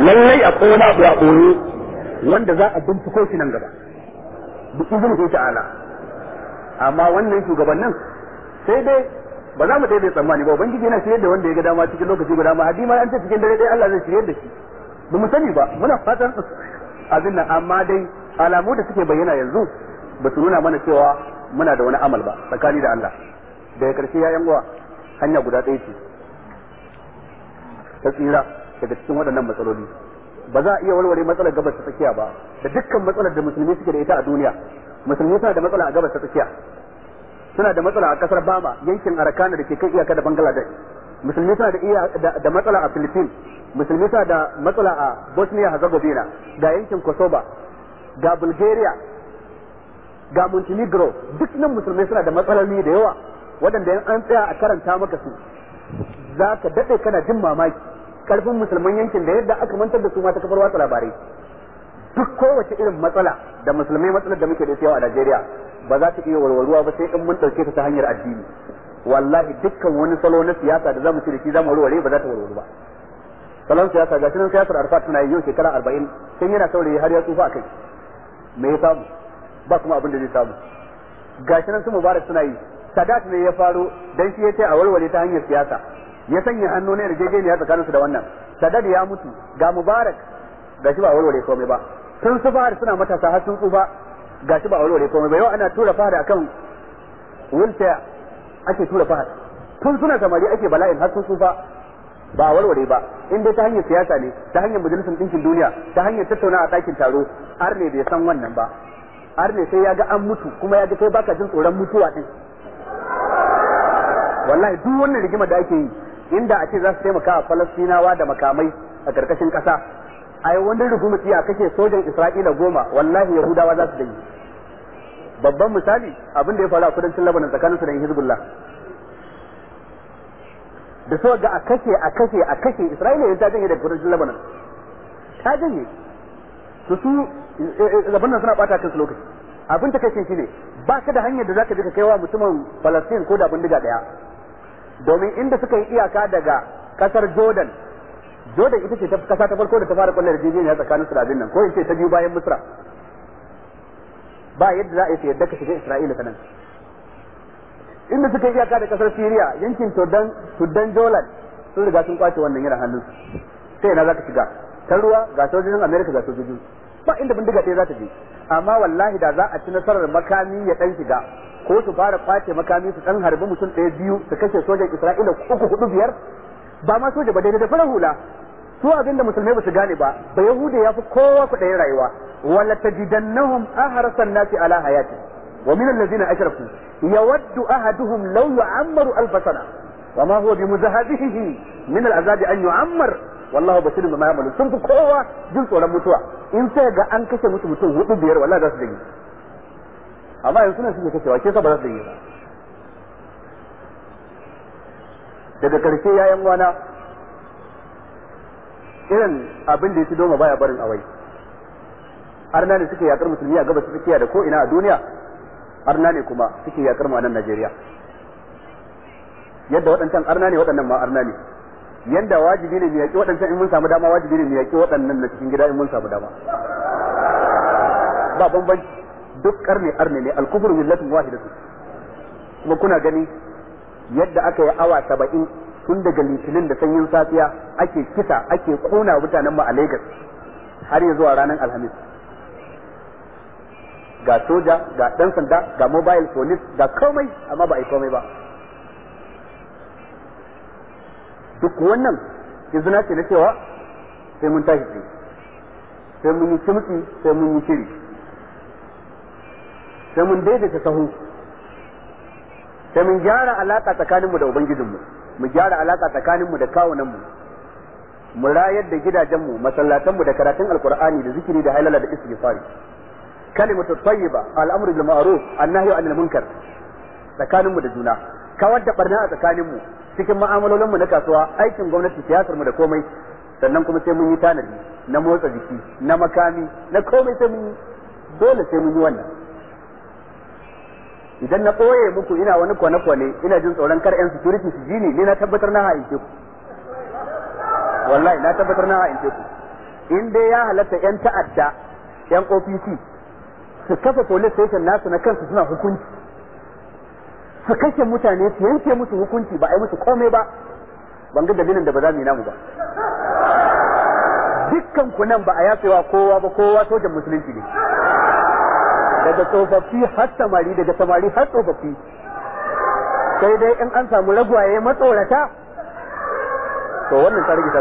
lallai akwai wani abu a ɓoye wanda za a binciko shi nan gaba duk izin ko ta'ala amma wannan shugabannin sai dai ba za mu daidai tsammani ba ubangiji yana shirye da wanda ya ga dama cikin lokaci guda ma hadima an ta cikin dare dai Allah zai shirye da shi ba mu sani ba muna fatan abin nan amma dai alamu da suke bayyana yanzu ba su nuna mana cewa muna da wani amal ba tsakani da Allah daga karshe ya yan uwa hanya guda ɗaya ce ta tsira daga cikin waɗannan matsaloli ba za a iya warware matsalar gabas ta tsakiya ba da dukkan matsalar da musulmi suke da ita a duniya musulmi suna da matsala a gabas ta tsakiya suna da matsala a kasar Bama yankin Arakana da ke kan iyaka da Bangladesh musulmi suna da matsala a Philippines musulmi suna da matsala a Bosnia Herzegovina ga yankin Kosova ga Bulgaria ga Montenegro duk nan musulmai suna da matsaloli da yawa waɗanda an tsaya a karanta maka su za ka daɗe kana jin mamaki karfin musulman yankin da yadda aka mantar da su ma ta kafar watsa labarai duk kowace irin matsala da musulmai matsalar da muke da yawa a Najeriya ba za ta iya warwaruwa ba sai in mun dauke ta ta hanyar addini wallahi dukkan wani salo na siyasa da zamu ci da shi zamu warware ba za ta warwaru ba salon siyasa ga shirin siyasar arfa tana yau shekara arba'in sun yana saurayi har ya tsufa a kai me ya samu ba kuma abin da zai samu ga shirin su mubarak suna yi sadat ne ya faru dan shi ya ce a warware ta hanyar siyasa ya sanya hannu ne da ya tsakaninsu da wannan sadad ya mutu ga mubarak ga shi ba warware komai ba sun su fahar suna matasa har sun tsufa shi ba warware komai ba yau ana tura fahar akan wulta ake tura fahar tun suna samari ake bala'in har sun tsufa ba warware ba in dai ta hanyar siyasa ne ta hanyar majalisar ɗinkin duniya ta hanyar tattauna a ɗakin taro har ne bai san wannan ba har ne sai ya ga an mutu kuma ya ga kai baka jin tsoron mutuwa din wallahi duk wannan rigimar da ake yi inda a ce za su taimaka a falastinawa da makamai a karkashin kasa yi wani rubumuci a kashe sojan isra'ila goma wallahi yahudawa za su da yi babban misali abin da ya faru a kudancin labanin tsakanin su da hezbollah da so ga a kashe a kashe a kashe isra'ila ya ta yi da kudancin labanin ta janye su su eh, eh, labanin suna bata kansu lokaci abin ta kashe shi ne ba ka da hanyar da za ka je ka kai wa mutumin falastin ko da bindiga daya domin inda suka yi iyaka daga kasar Jordan Jordan ita ce kasa ta farko da ta fara kullu yarjejeniya tsakanin su da abin nan ko in ce ta biyu bayan Misra ba yadda za a yi yadda ka shiga Isra'ila nan inda suka yi iyaka da kasar Syria yankin Jordan Sudan Jordan sun riga sun kwace wannan yana hannun su sai yana zaka shiga ta ruwa ga sojojin America ga sojojin ba inda bindiga ta za ta je amma wallahi da za a ci nasarar makami ya dan shiga ko su fara kwace makami su dan harbi mutum ɗaya biyu su kashe sojan Isra'ila uku hudu biyar ba ma soja ba daidai da fara hula su abinda musulmai ba su gane ba ba yahuda ya fi kowa kuɗayen rayuwa wala tajidannahum ahrasan nasi ala hayati wa min allazina ashraku yawaddu ahaduhum law yu'ammaru alf sana wa ma huwa bimuzahabihi min al'azab an yu'ammar wallahu basirun bima ya'malu sun fi kowa jin tsoron mutuwa in sai ga an kashe musu mutum hudu biyar wallahi za su dage amma yanzu ne suke kashewa ke ba za su yi ba daga karshe yayan wana irin abin da ya ci doma baya barin awai arna ne suke yakar musulmi a gabas tsakiya da ko ina a duniya arna ne kuma suke yakar ma a nan Najeriya yadda waɗancan arna ne waɗannan ma arna ne yanda wajibi ne mu yaƙi waɗancan in mun samu dama wajibi ne mu yaƙi waɗannan na cikin gida in mun samu dama ba bambanci duk karni arne ne al-kufr millatun wahidatu kuma kuna gani yadda aka yi awa saba'in tun daga litinin da sanyin safiya ake kisa ake kona mutanen mu a Lagos har ya zuwa ranar Alhamis ga soja ga dan sanda ga mobile police ga komai amma ba a yi komai ba duk wannan izina ce na cewa sai mun tashi sai mun yi kimtsi sai mun yi shiri sai mun daidaita sahu sai mun gyara alaka tsakaninmu da ubangijinmu mu gyara alaka tsakaninmu da kawunanmu mu rayar da gidajenmu masallatanmu da karatun alkur'ani da zikiri da halala da istighfari kalimatu tayyiba al'amru bil ma'ruf an-nahyu anil munkar tsakaninmu da juna kawar da barna a tsakaninmu cikin mu'amalolinmu na kasuwa aikin gwamnati siyasar mu da komai sannan kuma sai mun yi tanadi na motsa jiki na makami na komai sai mun dole sai mun yi wannan idan na ɓoye muku ina wani kwane-kwane ina jin tsoron kar yan security su ji ni ni na tabbatar na ha'ince ku wallahi na tabbatar na ha'ince ku in dai ya halatta yan ta'adda yan OPC su kafa police station nasu na kansu suna hukunci su kashe mutane su yanke musu hukunci ba a yi musu komai ba ban ga dalilin da ba za mu yi namu ba dukkan ku nan ba a yafewa kowa ba kowa sojan musulunci ne daga tsofaffi har samari daga samari har tsofaffi sai dai in an samu ragwaye matsorata to wannan ta rigita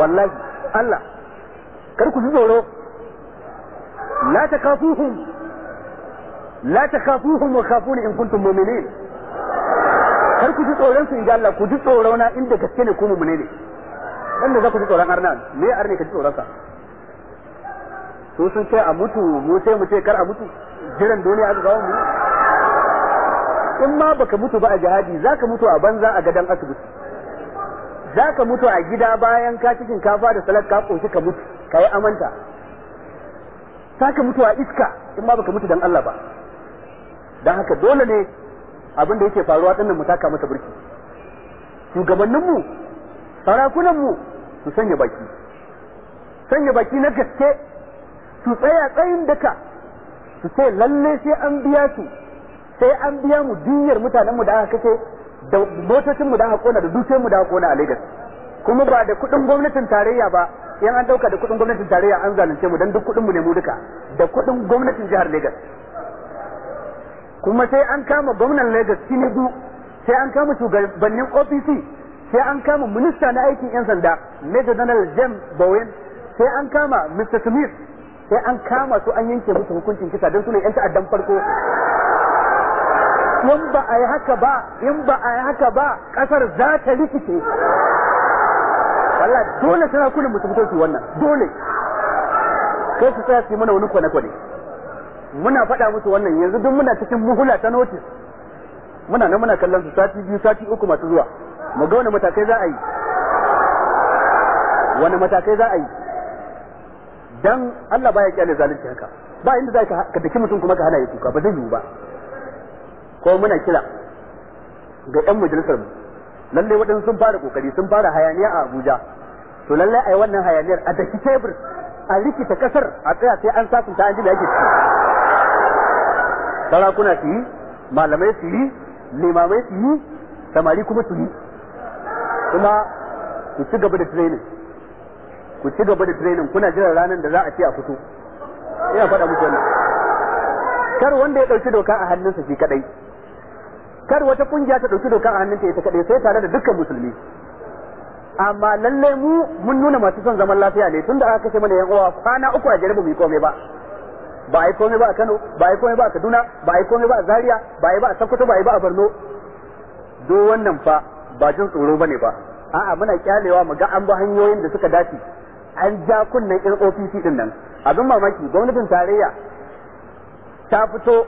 wallahi Allah kar ku ji tsoro la takafuhum la takafuhum wa khafuni in kuntum mu'minin kar ku ji tsoron su inda Allah ku ji tsoro na inda gaske ne ku mu'mine ne wanda za ku ji tsoron arna me arne ka ji tsoron ka su sun ce a mutu mu sai mu ce kar a mutu jiran duniya aka kawo mu in ma baka mutu ba a jihadi zaka mutu a banza a gadan asibiti zaka mutu a gida bayan ka cikin kafa da salat ka koshi ka mutu kai amanta zaka mutu a iska in ma baka mutu dan Allah ba dan haka dole ne abin da yake faruwa dinnan mu taka masa burki shugabanninmu mu su sanya baki sanya baki na gaske su tsaya tsayin daka su ce lalle sai an biya su sai an biya mu duniyar mutanen mu da aka kace da motocin mu da aka kona da dukiyar da aka kona a Lagos kuma ba da kuɗin gwamnatin tarayya ba yan an ɗauka da kuɗin gwamnatin tarayya an zalunce mu dan duk kuɗin mu ne mu duka da kuɗin gwamnatin jihar Legas. kuma sai an kama gwamnan Lagos Tinubu sai an kama shugabannin OPC sai an kama minista na aikin yan sanda Major General James Bowen sai an kama Mr. Smith sai an kama su an yanke musu hukuncin kisa don su ne yan ta'addan farko in ba a yi haka ba in ba a yi haka ba kasar za ta rikice wallah dole tana kudin mutum su wannan dole kai su tsaya su mana wani kwane-kwane muna faɗa musu wannan yanzu duk muna cikin muhula ta notis muna nan muna kallon su sati biyu sati uku masu zuwa mu ga wani matakai za a yi wani matakai za a yi dan Allah baya kyale zalunci haka ba inda za ka daki mutum kuma ka hana ya tuka ba zai yiwu ba ko muna kira ga yan majalisar mu lalle waɗansu sun fara kokari sun fara hayaniya a Abuja to lalle ai wannan hayaniyar a daki tebur a rikita kasar a tsaya sai an ta an ji da yake sarakuna su yi malamai su yi limamai su yi samari kuma su yi kuma su ci gaba da training ku ci gaba da training kuna jiran ranar da za a ce a fito ina faɗa muku wannan kar wanda ya ɗauki doka a hannunsa shi kadai kar wata kungiya ta ɗauki doka a hannunta ita kadai sai tare da dukkan musulmi amma lallai mu mun nuna masu son zaman lafiya ne tunda aka kashe mana yan uwa kwana uku a jere mu yi komai ba ba a yi komai ba a Kano ba a yi komai ba a Kaduna ba a yi komai ba a Zaria ba a ba a Sokoto ba a ba a Borno do wannan fa ba jin tsoro bane ba a'a muna kyalewa mu ga an ba hanyoyin da suka dace an ja kunnen yan ofisi din nan abin mamaki gwamnatin tarayya ta fito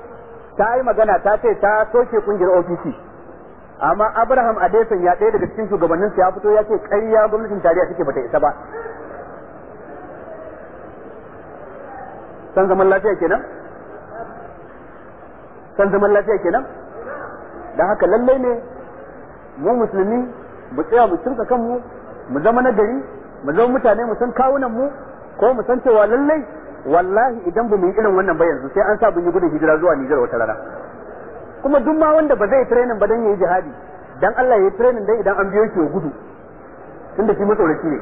ta yi magana ta ce ta soke kungiyar ofisi amma abraham adeson ya ɗaya daga cikin shugabannin ya fito ya ce ƙarya gwamnatin tarayya take bata isa ba san zaman lafiya kenan san zaman lafiya kenan da haka lallai ne mu musulmi mu tsaya mu cinka kanmu mu zama na gari mu zama mutane mu san kawunan mu ko mu san cewa lallai wallahi idan ba mu yi irin wannan ba yanzu sai an sa bin yi gudun hijira zuwa Nijar wata rana kuma duk ma wanda ba zai training ba dan yayi jihadi dan Allah yayi training dan idan an biyo shi gudu tunda shi matsoraci ne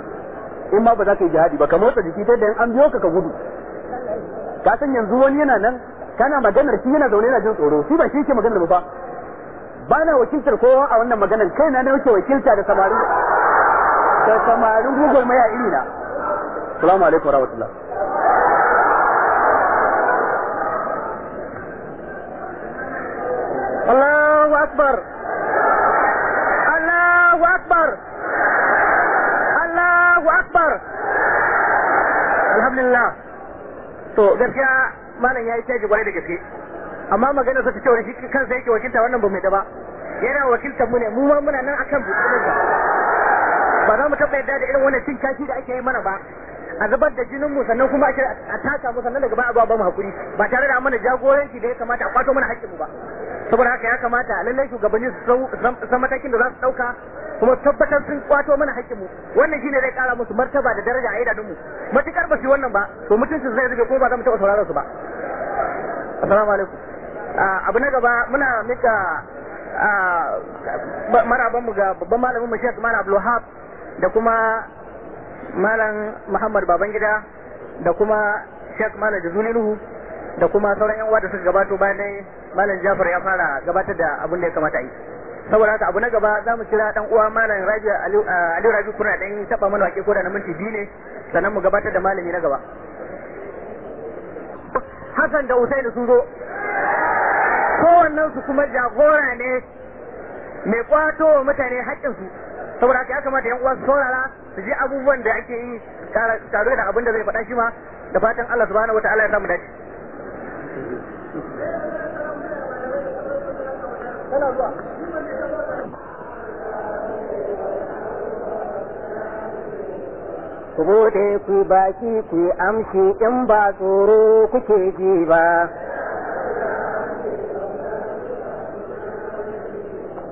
in ma ba za ka yi jihadi ba ka motsa jiki ta da an biyo ka ka gudu ka san yanzu wani yana nan kana maganar shi yana zaune yana jin tsoro shi ba shi yake maganar ba ba na wakiltar kowa a wannan maganar kai na ne yake wakilta da samari da samarin google mai a iri na salamu alaikum wa rahmatullah Allahu akbar Allahu akbar Allahu akbar Alhamdulillah to gaskiya malam yayi caji gwarai da gaske amma magana sa ta cewa shi kansa yake wakilta wannan ba mai da ba yana wakiltar mu ne mu ma muna nan akan buƙatar ba za mu taɓa yadda da irin wannan cin kashi da ake yi mana ba a zubar da jinin mu sannan kuma a taka mu sannan daga baya ba mu hakuri ba tare da mana jagoranci da ya kamata a kwato mana haƙƙin mu ba saboda haka ya kamata lallai shugabanni su san matakin da za su ɗauka kuma tabbatar sun kwato mana haƙƙin mu wannan shine zai kara musu martaba da daraja a idanun mu matukar ba su wannan ba to mutuncin zai zube ko ba za mu taɓa sauraron su ba assalamu alaikum abu na gaba muna mika marabanmu ga babban malamin mu Sheikh Malam Abdul da kuma malam muhammad babangida da kuma sheikh malam jazuli nuhu da kuma sauran yan uwa da suka gabato bayan dai malam jafar ya fara gabatar da abin da ya kamata yi saboda haka abu na gaba za mu kira dan uwa malam rabiu uh, aliyu uh, rabiu kuna dan taba mana wake ko da na minti biyu ne sannan mu gabatar da malami na gaba hasan da usain sun zo kowannen kuma jagora ne mai kwato mutane haƙƙinsu? su saboda haka ya kamata yan uwa su saurara su je abubuwan da ake yi tare da abin da zai faɗa shi ma da fatan Allah subhanahu wataala ya samu dace ku bude ku baki ku amshi in ba tsoro kuke ji ba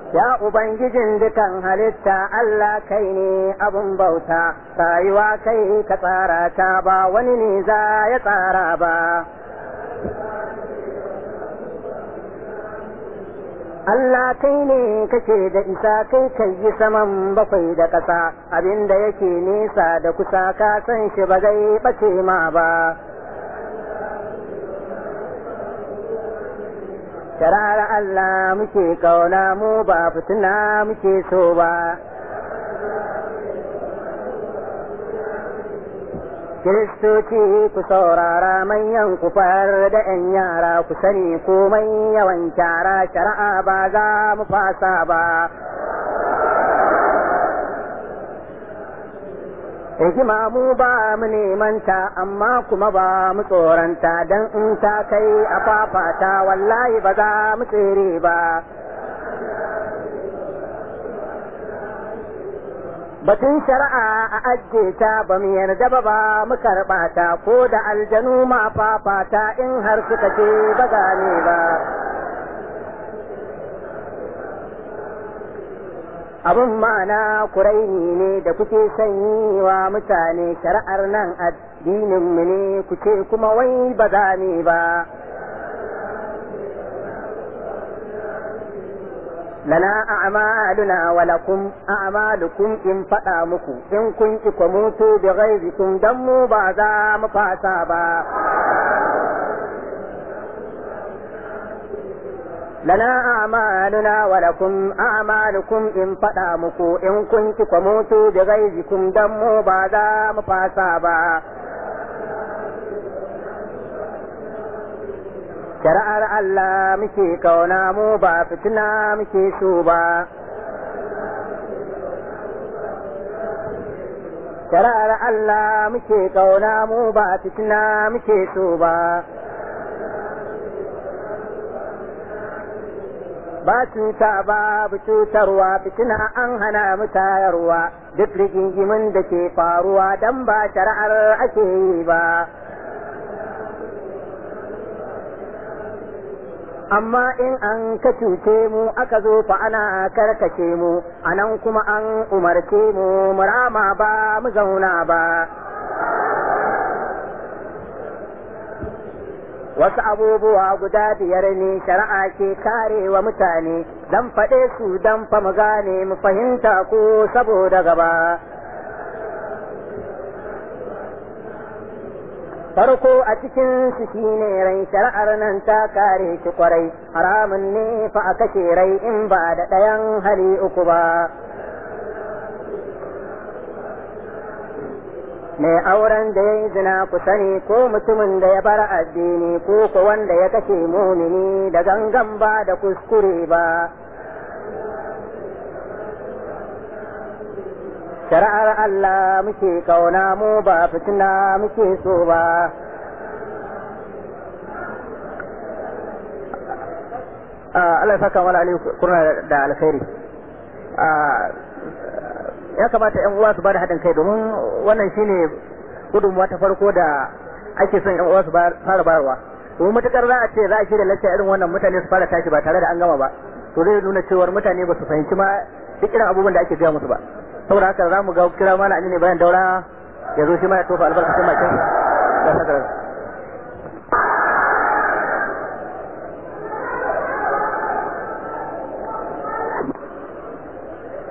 Ya Ubangijin dukan halitta Allah kai ne abun bauta, rayuwa kai ka tsara ta ba wani ne za ya tsara ba. Allah kai ne kake da isa kai kai yi saman bakwai da ƙasa, abinda yake nesa da kusa ka san shi ba zai ɓace ma ba. shari'ar Allah muke kauna mu ba fitina muke so ba Kiristoci ku saurara manyan ku far da ‘yan yara ku sani komai yawan kyara shari'a ba za mu fasa ba. hikima mu ba mu nemanta amma kuma ba mu tsoranta dan in ta kai a fafata wallahi ba za mu tsere ba batun shari'a a ajiye ta ba mu yarda ba ba mu karɓa ta ko da aljanu ma fafata in har suka ce ba gane ba abin ma'ana kuraini ne da kuke sanyi wa mutane shari'ar nan addininmu ne kuke kuma wai ba za ne ba lana a'maluna wa a'malukum in fada muku in kun ki ku mutu ghaizikum dan mu ba za mu fasa ba lana a'maluna wa lakum a'malukum in faɗa muku in kun ki mutu bi ghaizikum dan mu ba za mu fasa ba shari'ar Allah muke kauna mu ba fitina muke so ba shari'ar Allah muke kauna mu ba fitina muke so ba ba cuta babu cutarwa fitina an hana mu tayarwa duk rigingimin da ke faruwa dan ba shari'ar ake yi ba amma in an ka cuce mu aka zo fa ana karkace mu anan kuma an umarce mu murama ba mu zauna ba wasu abubuwa guda biyar ne shari'a ke karewa mutane don faɗe su don fa mu gane mu fahimta ko saboda gaba farko a cikin su ne rai shari'ar nan ta kare shi kwarai haramun ne fa a kashe rai in ba da ɗayan hali uku ba mai auren da ya yi zina ku sani ko mutumin da ya bar addini ko ko wanda ya kashe mumini da gangan ba da kuskure ba shari'ar Allah muke kauna mu ba fitina muke so ba ah, Allah saka wala kuna da alkhairi ah, ya kamata yan uwa su bada da haɗin kai domin wannan shine gudunmuwa ta farko da ake son yan uwa su fara bayarwa domin matukar za a ce za a shirya lacca irin wannan mutane su fara tashi ba tare da an gama ba to zai nuna cewa mutane ba su fahimci ma duk irin abubuwan da ake gaya musu ba saboda haka za mu ga kira mana ne bayan daura ya zo shi ma ya tofa albarkacin bakin da sakarar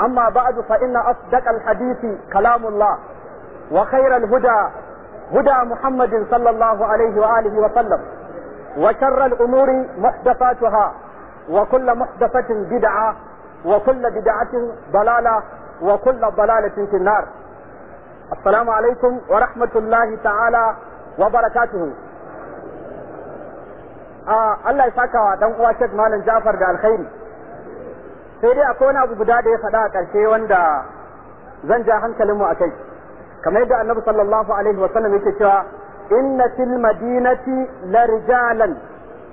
أما بعد فإن أصدق الحديث كلام الله وخير الهدى هدى محمد صلى الله عليه وآله وسلم وشر الأمور محدثاتها وكل محدثة بدعة وكل بدعة ضلالة وكل ضلالة في النار السلام عليكم ورحمة الله تعالى وبركاته آه الله يساكا دم واشد مالا جعفر دا الخير sai dai akwai wani abu guda da ya faɗa a ƙarshe wanda zan ja hankalin mu akai kamar yadda annabi sallallahu alaihi wa sallam yake cewa inna fil madinati la rijalan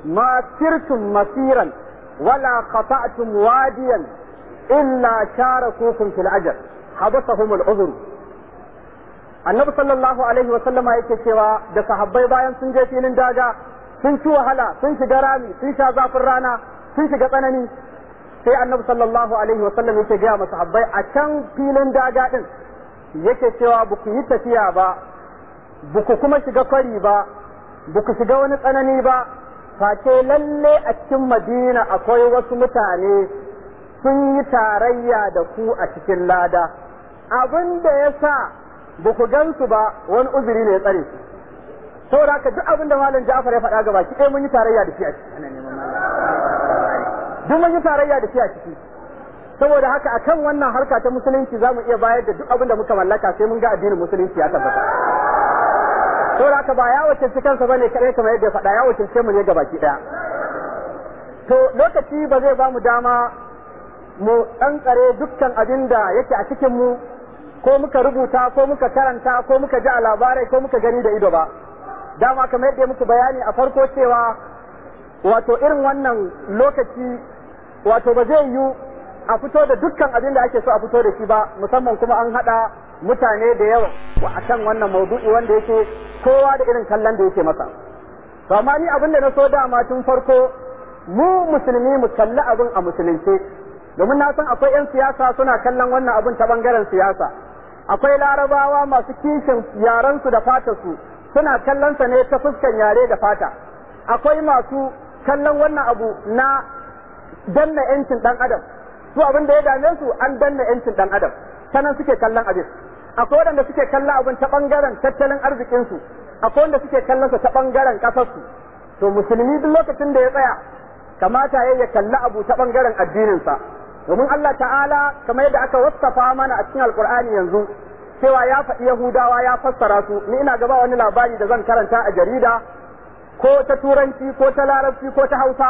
ma sirtum masiran wala qata'tum wadiyan illa sharakukum fil ajr hadathahum al udhr annabi sallallahu alaihi wa sallam yake cewa da sahabbai bayan sun je filin daga sun ci wahala sun shiga rami sun sha zafin rana sun shiga tsanani sai annabi sallallahu alaihi wasallam yake gaya masa habbai a can filin daga din yake cewa ba ku yi tafiya ba ba ku kuma shiga kwari ba ba ku shiga wani tsanani ba face lalle a cikin madina akwai wasu mutane sun yi tarayya da ku a cikin lada abin da ya sa ba ku gansu ba wani uzuri ne ya tsare su saboda haka duk abin da malam Ja'far ya faɗa ga baki ɗaya mun yi tarayya da shi a cikin duk mun yi tarayya da shi a ciki saboda haka akan wannan harka ta musulunci za mu iya bayar da duk abin da muka mallaka sai mun ga addinin musulunci ya tabbata saboda haka ba ya wakilci kansa bane kare kamar yadda faɗa ya wakilce mu ne gabaki daya to lokaci ba zai ba mu dama mu tsantsare dukkan abin da yake a cikin mu ko muka rubuta ko muka karanta ko muka ji a labarai ko muka gani da ido ba dama kamar yadda muku bayani a farko cewa wato irin wannan lokaci wato ba zai yiwu a fito da dukkan abin da ake so a fito da shi ba musamman kuma an hada mutane da yawa a kan wannan maudu'i wanda yake kowa da irin kallon da yake masa to amma ni abin da na so dama tun farko mu musulmi mu kalli abin a musulunce domin na san akwai 'yan siyasa suna kallon wannan abin ta bangaren siyasa akwai larabawa masu kishin yarensu da fatarsu suna kallon sa ne ta fuskan yare da fata akwai masu kallon wannan abu na danna yancin dan adam su abin da ya dame su an danna yancin dan adam sanan suke kallon abin akwai waɗanda suke kallon abin ta bangaren tattalin arzikin su akwai wanda suke kallon sa ta bangaren kasar su to musulmi duk lokacin da ya tsaya kamata ya ya kalli abu ta bangaren addinin sa domin Allah ta'ala kamar yadda aka wasafa mana a cikin alkur'ani yanzu cewa ya faɗi yahudawa ya fassara su ni ina gaba wani labari da zan karanta a jarida ko ta turanci ko ta larabci ko ta hausa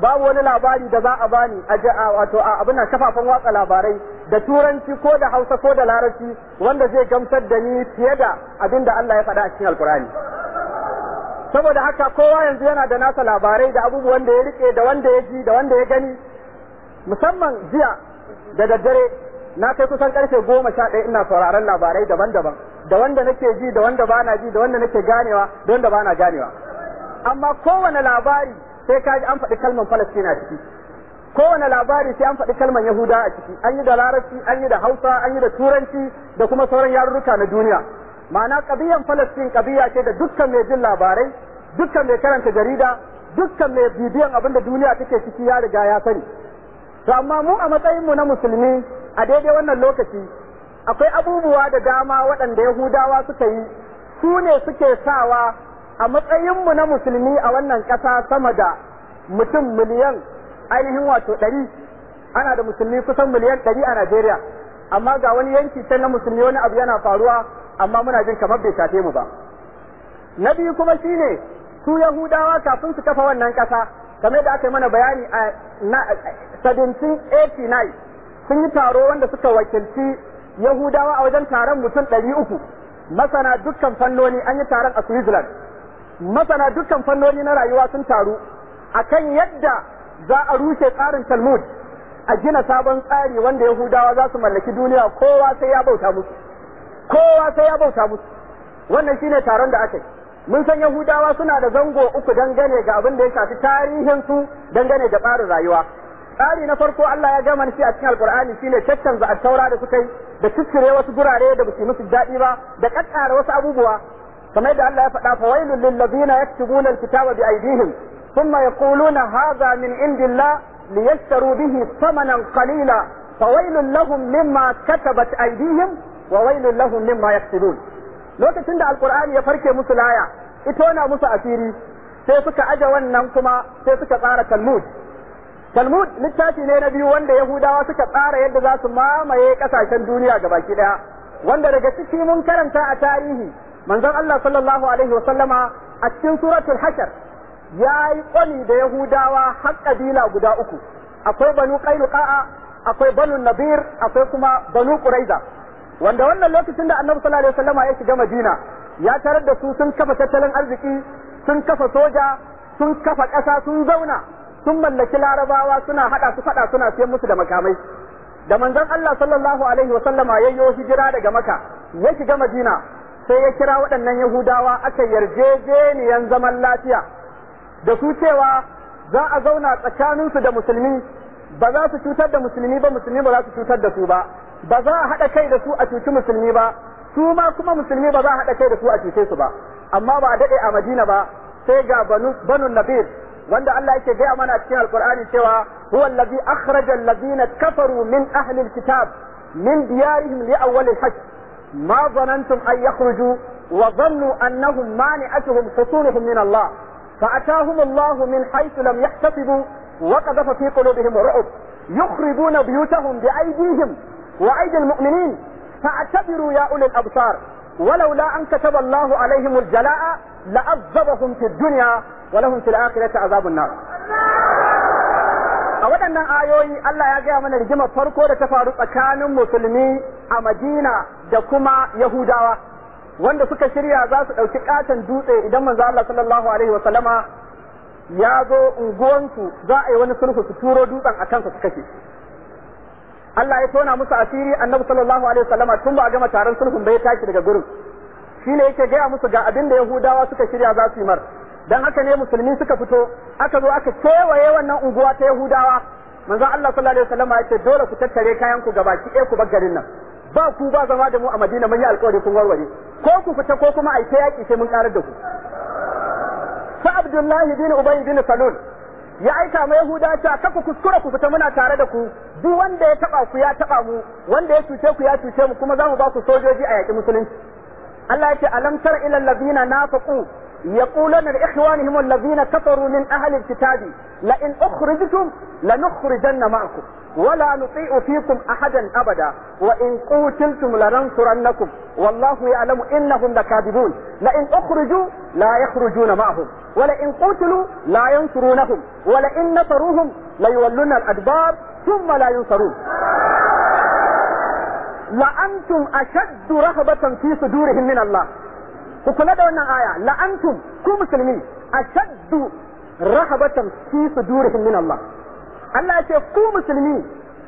babu wani labari da za a bani a wato a abin nan kafafan watsa labarai da turanci ko da hausa ko da larabci wanda zai gamsar da ni fiye da abin da Allah ya faɗa a cikin alkurani saboda haka kowa yanzu yana da nasa labarai da abubuwan da ya rike da wanda ya ji da wanda ya gani musamman jiya da daddare na kai kusan karfe goma sha ɗaya ina sauraron labarai daban-daban da wanda nake ji da wanda bana ji da wanda nake ganewa da wanda bana ganewa amma kowane labari sai ka ji an faɗi kalman falastina ciki kowane labari sai an faɗi kalman yahuda a ciki an yi da larabci an yi da hausa an yi da turanci da kuma sauran yarurruka na duniya ma'ana kabiyan falastin kabiya ce da dukkan mai jin labarai dukkan mai karanta jarida dukkan mai bibiyan abin da duniya take ciki ya riga ya sani to amma mu a matsayin mu na musulmi a daidai wannan lokaci akwai abubuwa da dama waɗanda yahudawa suka yi su ne suke sawa a matsayinmu na musulmi a wannan ƙasa sama da mutum miliyan ainihin wato ɗari ana da musulmi kusan miliyan ɗari a Najeriya amma ga wani yanki can na musulmi wani abu yana faruwa amma muna jin kamar bai shafe mu ba na biyu kuma shine su Yahudawa kafin su kafa wannan ƙasa game da aka yi mana bayani a 1789 sun yi taro wanda suka wakilci Yahudawa a wajen taron mutum ɗari uku masana dukkan fannoni an yi taron a Switzerland masana dukkan fannoni na rayuwa sun taru akan yadda za a rushe tsarin Talmud a gina sabon tsari wanda Yahudawa za su mallaki duniya kowa sai ya bauta musu kowa sai ya bauta musu wannan shine taron da aka yi mun san Yahudawa suna da zango uku dangane ga abin da ya shafi tarihin su dangane da tsarin rayuwa tsari na farko Allah ya gama shi a cikin Alkur'ani shine tattanzu a taura da suka yi da ciccire wasu gurare da ba su musu daɗi ba da kakkara wasu abubuwa kamar da Allah ya faɗa fa wailul lil ladina yaktubuna alkitaba bi aydihim thumma yaquluna hadha min indillah liyashtaru bihi thamanan qalila fawailul lahum mimma katabat aydihim wa wailul lahum mimma yaktubun lokacin da alqur'ani ya farke musu laya ito na musu asiri sai suka aje wannan kuma sai suka tsara talmud talmud littafi ne na biyu wanda yahudawa suka tsara yadda za su mamaye kasashen duniya baki daya wanda daga ciki mun karanta a tarihi manzon Allah sallallahu alaihi wa sallama a cikin suratul hashar ya yi kwani da yahudawa har kabila guda uku akwai banu qainuqa akwai banu nabir akwai kuma banu quraiza wanda wannan lokacin da annabi sallallahu alaihi wasallama ya shiga madina ya tarar da su sun kafa tattalin arziki sun kafa soja sun kafa ƙasa sun zauna sun mallaki larabawa suna hada su fada suna siyan musu da makamai da manzon Allah sallallahu alaihi wasallama ya yi hijira daga maka ya shiga madina sai ya kira waɗannan yahudawa aka yarjejeniyan zaman lafiya da su cewa za a zauna tsakaninsu da musulmi ba za su cutar da musulmi ba musulmi ba za su cutar da su ba ba za a haɗa kai da su a cuci musulmi ba su ma kuma musulmi ba za a haɗa kai da su a cuce su ba amma ba a daɗe a madina ba sai ga banu nabir wanda Allah yake gaya mana cikin alƙur'ani cewa huwa allazi akhraja allazina kafaru min ahli alkitab min diyarihim li awwal alhajj ما ظننتم أن يخرجوا وظنوا أنهم مانعتهم حصولهم من الله فأتاهم الله من حيث لم يحتسبوا وقذف في قلوبهم الرعب يخربون بيوتهم بأيديهم وأيدي المؤمنين فاعتبروا يا أولي الأبصار ولولا أن كتب الله عليهم الجلاء لعذبهم في الدنيا ولهم في الآخرة عذاب النار waɗannan ayoyi Allah ya gaya mana rigimar farko da ta faru tsakanin musulmi a Madina da kuma Yahudawa wanda suka shirya za su ɗauki katon dutse idan manzo Allah sallallahu alaihi wasallama ya zo unguwansu za a yi wani sulhu su turo dutsen a kansa su kashe Allah ya tona musu asiri annabi sallallahu alaihi wasallama tun ba a gama taron sulhun bai tashi daga gurin shine yake gaya musu ga abin da Yahudawa suka shirya za su yi mar dan haka ne musulmi suka fito aka zo aka kewaye wannan unguwa ta Yahudawa manzo Allah sallallahu alaihi wasallam ya ce dole ku tattare kayan ku gabaki ɗaya ku bar garin nan ba ku ba zama da mu a Madina mun yi alƙawari kun warware ko ku fita ko kuma ai yaki sai mun karar da ku fa Abdullahi bin Ubay bin Salul ya aika ma Yahuda ta ku kuskura ku fita muna tare da ku duk wanda ya taba ku ya taba mu wanda ya cuce ku ya cuce mu kuma za mu ba ku sojoji a yaƙi musulunci Allah ya ce alam tara ila alladhina nafaqu يقولون لإخوانهم الذين كفروا من أهل الكتاب لئن أخرجتم لنخرجن معكم ولا نطيع فيكم أحدا أبدا وإن قتلتم لننصرنكم والله يعلم إنهم لكاذبون لئن أخرجوا لا يخرجون معهم ولئن قتلوا لا ينصرونهم ولئن نصروهم ليولون الأدبار ثم لا ينصرون لأنتم أشد رهبة في صدورهم من الله ku kula da wannan aya la antum ku musulmi ashaddu rahabatan fi sudurihim min Allah Allah ya ce ku musulmi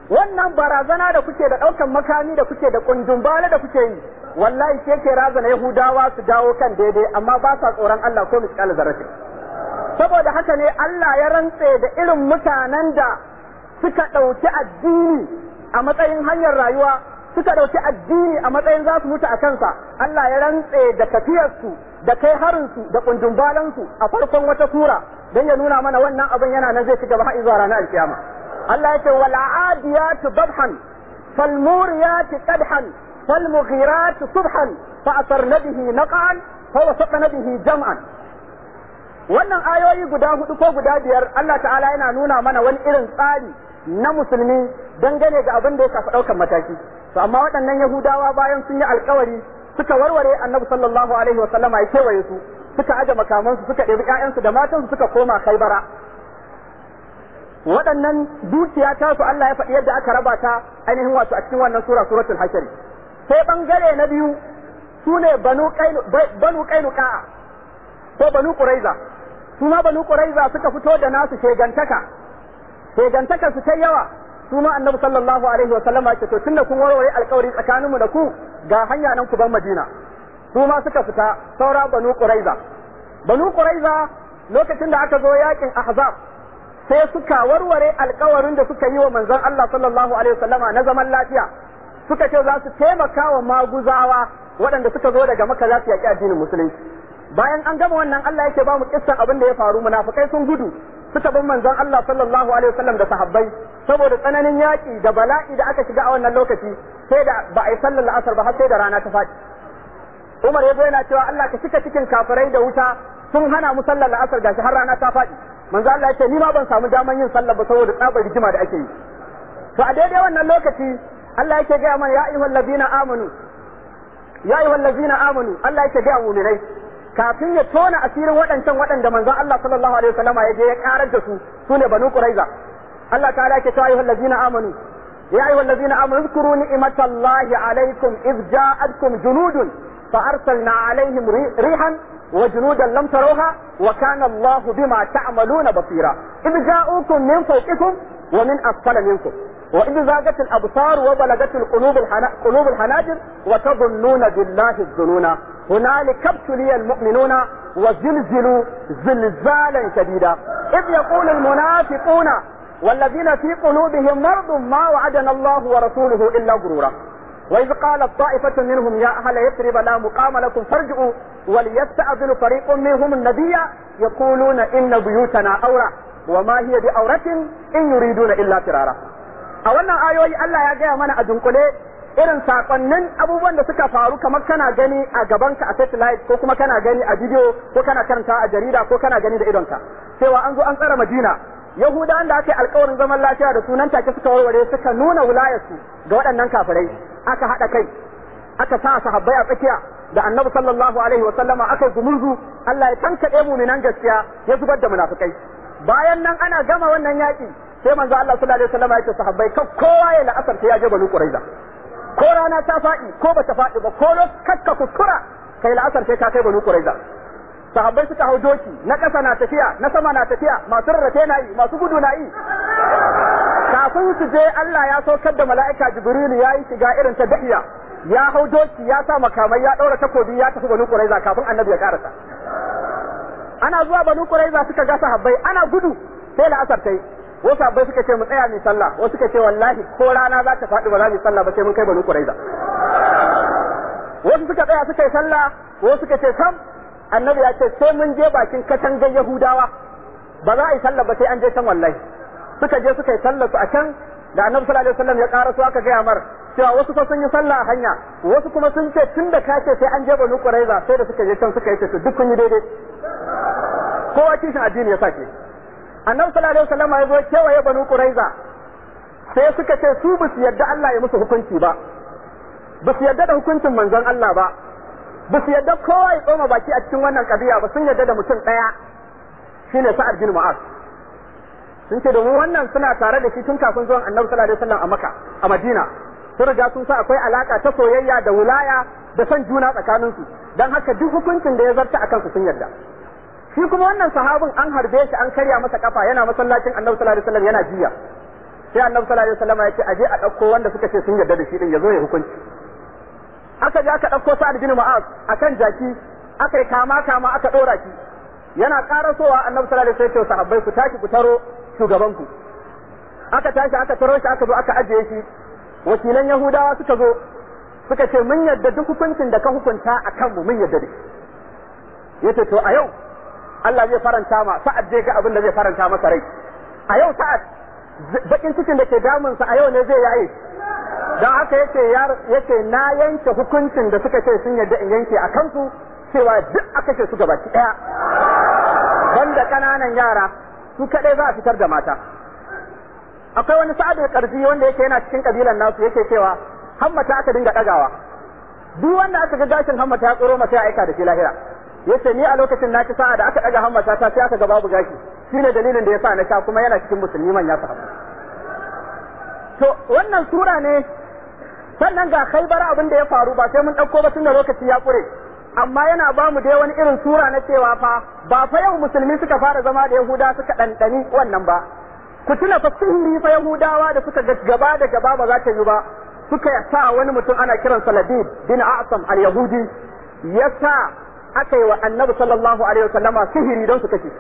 wannan barazana da kuke da daukan makami da kuke da kunjun bala da kuke yi wallahi ke ke razana yahudawa su dawo kan daidai amma ba sa tsoron Allah ko miskal zarratin saboda haka ne Allah ya rantse da irin mutanen da suka dauki addini a matsayin hanyar rayuwa suka ɗauki addini a matsayin za su mutu a kansa Allah ya rantse da tafiyarsu da kai harinsu da kundumbalansu a farkon wata sura don ya nuna mana wannan abin yana nan zai ci gaba har zuwa ranar alkiyama Allah ya ce wal adiyatu dabhan fal muriyati qadhan fal mughirati subhan fa asarna bihi naqan fa wasaqna bihi jam'an wannan ayoyi guda hudu ko guda biyar Allah ta'ala yana nuna mana wani irin tsari na musulmi dangane ga abin da ya shafi ɗaukar mataki to amma waɗannan yahudawa bayan sun yi alkawari suka warware annabi sallallahu alaihi wa sallama ya kewaye su suka aje makamansu suka ɗebi ƴaƴansu da matansu suka koma kaibara waɗannan dukiya ta su Allah ya faɗi yadda aka raba ta ainihin wato a cikin wannan sura suratul hashari sai bangare na biyu sune banu kainu banu ko banu quraiza suma banu quraiza suka fito da nasu shegantaka shegantakar su ta yawa su ma annabi sallallahu alaihi wa sallama ce to tunda kun warware alƙawari tsakaninmu da ku ga hanya nan ku bar Madina su ma suka fita saura Banu Quraiza Banu Quraiza lokacin da aka zo yakin Ahzab sai suka warware alƙawarin da suka yi wa manzon Allah sallallahu alaihi wa sallama na zaman lafiya suka ce za su taimaka wa maguzawa waɗanda suka zo daga maka za su yaƙi addinin musulunci bayan an gama wannan Allah yake ba mu kissan abin da ya faru munafikai sun gudu suka bin manzon Allah sallallahu alaihi wasallam da sahabbai saboda tsananin yaƙi da bala'i da aka shiga a wannan lokaci sai da ba a yi sallar la'asar ba har sai da rana ta faɗi Umar ya yana cewa Allah ka cika cikin kafirai da wuta sun hana mu sallar la'asar gashi har rana ta faɗi manzo Allah ya ce ni ma ban samu daman yin sallar ba saboda tsabar rigima da ake yi to a daidai wannan lokaci Allah yake gaya mana ya ayyuhal amanu ya amanu Allah yake gaya mu'minai kafin ya tona asirin waɗancan waɗanda manzon Allah sallallahu alaihi wasallam ya je ya karar da su sune banu quraiza Allah ta'ala ke cewa ayyuhal ladina amanu ya ayyuhal ladina amanu zkuru ni'matallahi alaikum id ja'atkum junudun fa arsalna alaihim rihan wa junudan lam tarawha wa kana Allahu bima ta'maluna basira id ja'ukum min fawqikum ومن أطفال منكم وإذ زاغت الأبصار وبلغت القلوب قلوب الحناجر وتظنون بالله الظنونا هنالك ابتلي المؤمنون وزلزلوا زلزالا شديدا إذ يقول المنافقون والذين في قلوبهم مرض ما وعدنا الله ورسوله إلا غرورا وإذ قالت طائفة منهم يا أهل يثرب لا مقام لكم فارجعوا وليستأذن فريق منهم النبي يقولون إن بيوتنا أورع wa ma hiya bi auratin in yuriduna illa firara a wannan ayoyi Allah ya gaya mana a dunkule irin sakonnin abubuwan da suka faru kamar kana gani a gabanka a satellite ko kuma kana gani a bidiyo ko kana karanta a jarida ko kana gani da idonka cewa an zo an tsara Madina Yahudawan da aka yi alkawarin zaman lafiya da sunan take suka warware suka nuna wulayarsu ga waɗannan kafirai aka haɗa kai aka sa sahabbai a tsakiya da annabi sallallahu alaihi wa sallama aka gumurzu Allah ya tankaɗe muminan gaskiya ya zubar da munafikai bayan nan ana gama wannan yaƙi sai manzo Allah sallallahu alaihi wasallam ya ce sahabbai kan kowa ya la'asar ta yaje banu quraiza ko rana ta faɗi ko ba ta faɗi ba ko kakka kuskura kai la'asar sai ka kai banu quraiza sahabbai suka hau doki na ƙasa na tafiya na sama na tafiya masu rarrafe na yi masu gudu na yi kafin su je Allah ya saukar da mala'ika Jibrilu ya yi shiga irin ta da'iya ya hau doki ya sa makamai ya daura takobi ya tafi banu Quraiza kafin annabi ya karasa ana zuwa banu quraiza suka ga sahabbai ana gudu sai la'asar tai wasu sahabbai suka ce mu tsaya mu sallah wasu suka ce wallahi ko rana za ta faɗi ba za mu sallah ba sai mun kai banu quraiza wasu suka tsaya suka yi sallah wasu suka ce sam annabi ya ce sai mun je bakin katangar yahudawa ba za a yi sallah ba sai an je can wallahi suka je suka yi sallah su a can da annabi sallallahu alaihi wasallam ya karasu aka gaya mar cewa wasu fa sun yi sallah a hanya wasu kuma sun ce tun da ka ce sai an je banu quraiza sai da suka je can suka yi ta duk kun yi daidai kowa kishin addini ya sake annabi sallallahu alaihi wasallam ya zo kewaye banu quraiza sai suka ce su basu yarda Allah ya musu hukunci ba basu yarda da hukuncin manzon Allah ba basu yarda kowa ya tsoma baki a cikin wannan kabiya ba sun yarda da mutum daya shine sa'ad bin mu'az sun ce domin wannan suna tare da shi tun kafin zuwan annabi sallallahu alaihi wasallam a makka a madina sun riga sun sa akwai alaka ta soyayya da wulaya da son juna tsakaninsu don haka duk hukuncin da ya zarta akan su sun yarda shi kuma wannan sahabin an harbe shi an karya masa kafa yana masallacin annabi sallallahu alaihi wasallam yana jiya sai annabi sallallahu alaihi wasallam ya ce aje a dauko wanda suka ce sun yarda da shi din ya zo ya hukunci aka je aka dauko sa'ad bin mu'az akan jaki aka yi kama kama aka dora shi yana karasowa annabi sallallahu alaihi wasallam ya ce sahabbai ku tashi ku taro shugabanku aka tashi aka taro shi aka zo aka ajiye shi wakilan yahudawa suka zo suka ce mun yarda duk hukuncin da ka hukunta akan mu mun yarda da shi yace to a yau Allah zai faranta ma sa'ad zai ga abin da zai faranta masa rai a yau sa'ad bakin cikin da ke damun sa a yau ne zai yaye don haka yake yake na yanke hukuncin da suka ce sun yadda in yanke a kansu cewa duk aka ce su gabaki daya banda kananan yara su kadai za a fitar da mata akwai wani sa'ad da karfi wanda yake yana cikin kabilan nasu yake cewa hammata aka dinga dagawa duk wanda aka ga gashin hammata ya tsoro masa ya aika da shi lahira yace ni a lokacin na ci sa'a da aka daga hammata ta sai aka ga babu gashi shine dalilin da yasa na sha kuma yana cikin musulmi manya sahabbai to wannan sura ne sannan ga khaybar abin da ya faru ba sai mun dauko ba tun da lokaci ya kure amma yana ba mu dai wani irin sura na cewa fa ba fa yau musulmi suka fara zama da yahuda suka dandani wannan ba ku tuna fa sihiri fa yahudawa da suka gaba da gaba ba za ta yi ba suka sa wani mutum ana kiransa labib bin a'sam al-yahudi ya aka yi wa annabi sallallahu alaihi wasallama sihiri don su kashe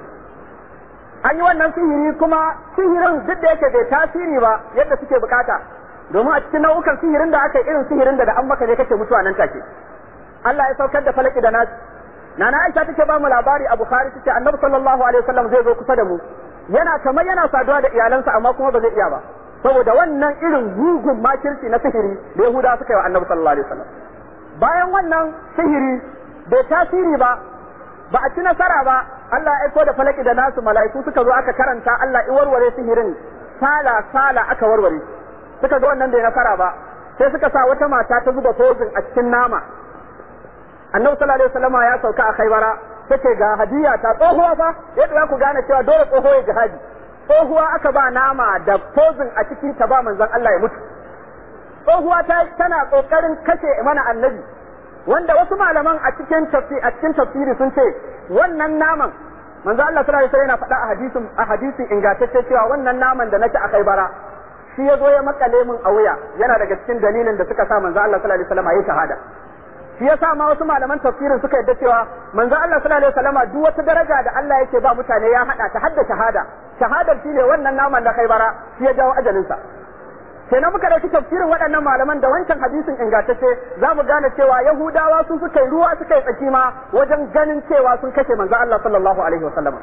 an yi wannan sihiri kuma sihirin duk da yake bai tasiri ba yadda suke bukata domin a cikin nau'ukan sihirin da aka yi irin sihirin da da an maka ne kace mutuwa nan take Allah ya saukar da falaki da nas nana Aisha take ba mu labari a Bukhari take Annabi sallallahu alaihi wasallam zai zo kusa da mu yana kama yana saduwa da iyalansa amma kuma ba zai iya ba saboda wannan irin gugun makirci na sihiri da Yahuda suka yi wa Annabi sallallahu alaihi wasallam bayan wannan sihiri bai tasiri ba ba a ci nasara ba Allah ya aiko da falaki da nasu mala'iku suka zo aka karanta Allah ya warware sihirin sala sala aka warware suka ga wannan bai nasara ba sai suka sa wata mata ta zuba fozin a cikin nama annabi sallallahu alaihi wasallam ya sauka a Khaibara. take ga hadiya ta tsohuwa fa ya ku gane cewa dole tsoho ya jihadi tsohuwa aka ba nama da fozin a cikin ta ba manzon Allah ya mutu tsohuwa ta tana kokarin kashe mana annabi wanda wasu malaman a cikin tafsiri a cikin sun ce wannan naman manzo Allah sallallahu alaihi yana faɗa a hadisin a hadisin ingantacce cewa wannan naman da nake a kai bara shi ya zo ya makale min a wuya yana daga cikin dalilin da suka sa manzo Allah sallallahu alaihi wasallam shahada shi yasa ma wasu malaman tafsirin suka yadda cewa manzo Allah sallallahu alaihi wasallam duk wata daraja da Allah yake ba mutane ya hada ta hadda shahada shahadar shine wannan naman da kai bara shi ya jawo ajalin sa kenan muka dauki tafsirin waɗannan malaman da wancan hadisin ingantacce za mu gane cewa yahudawa sun suka yi ruwa suka yi tsaki ma wajen ganin cewa sun kashe manzo Allah sallallahu alaihi wasallam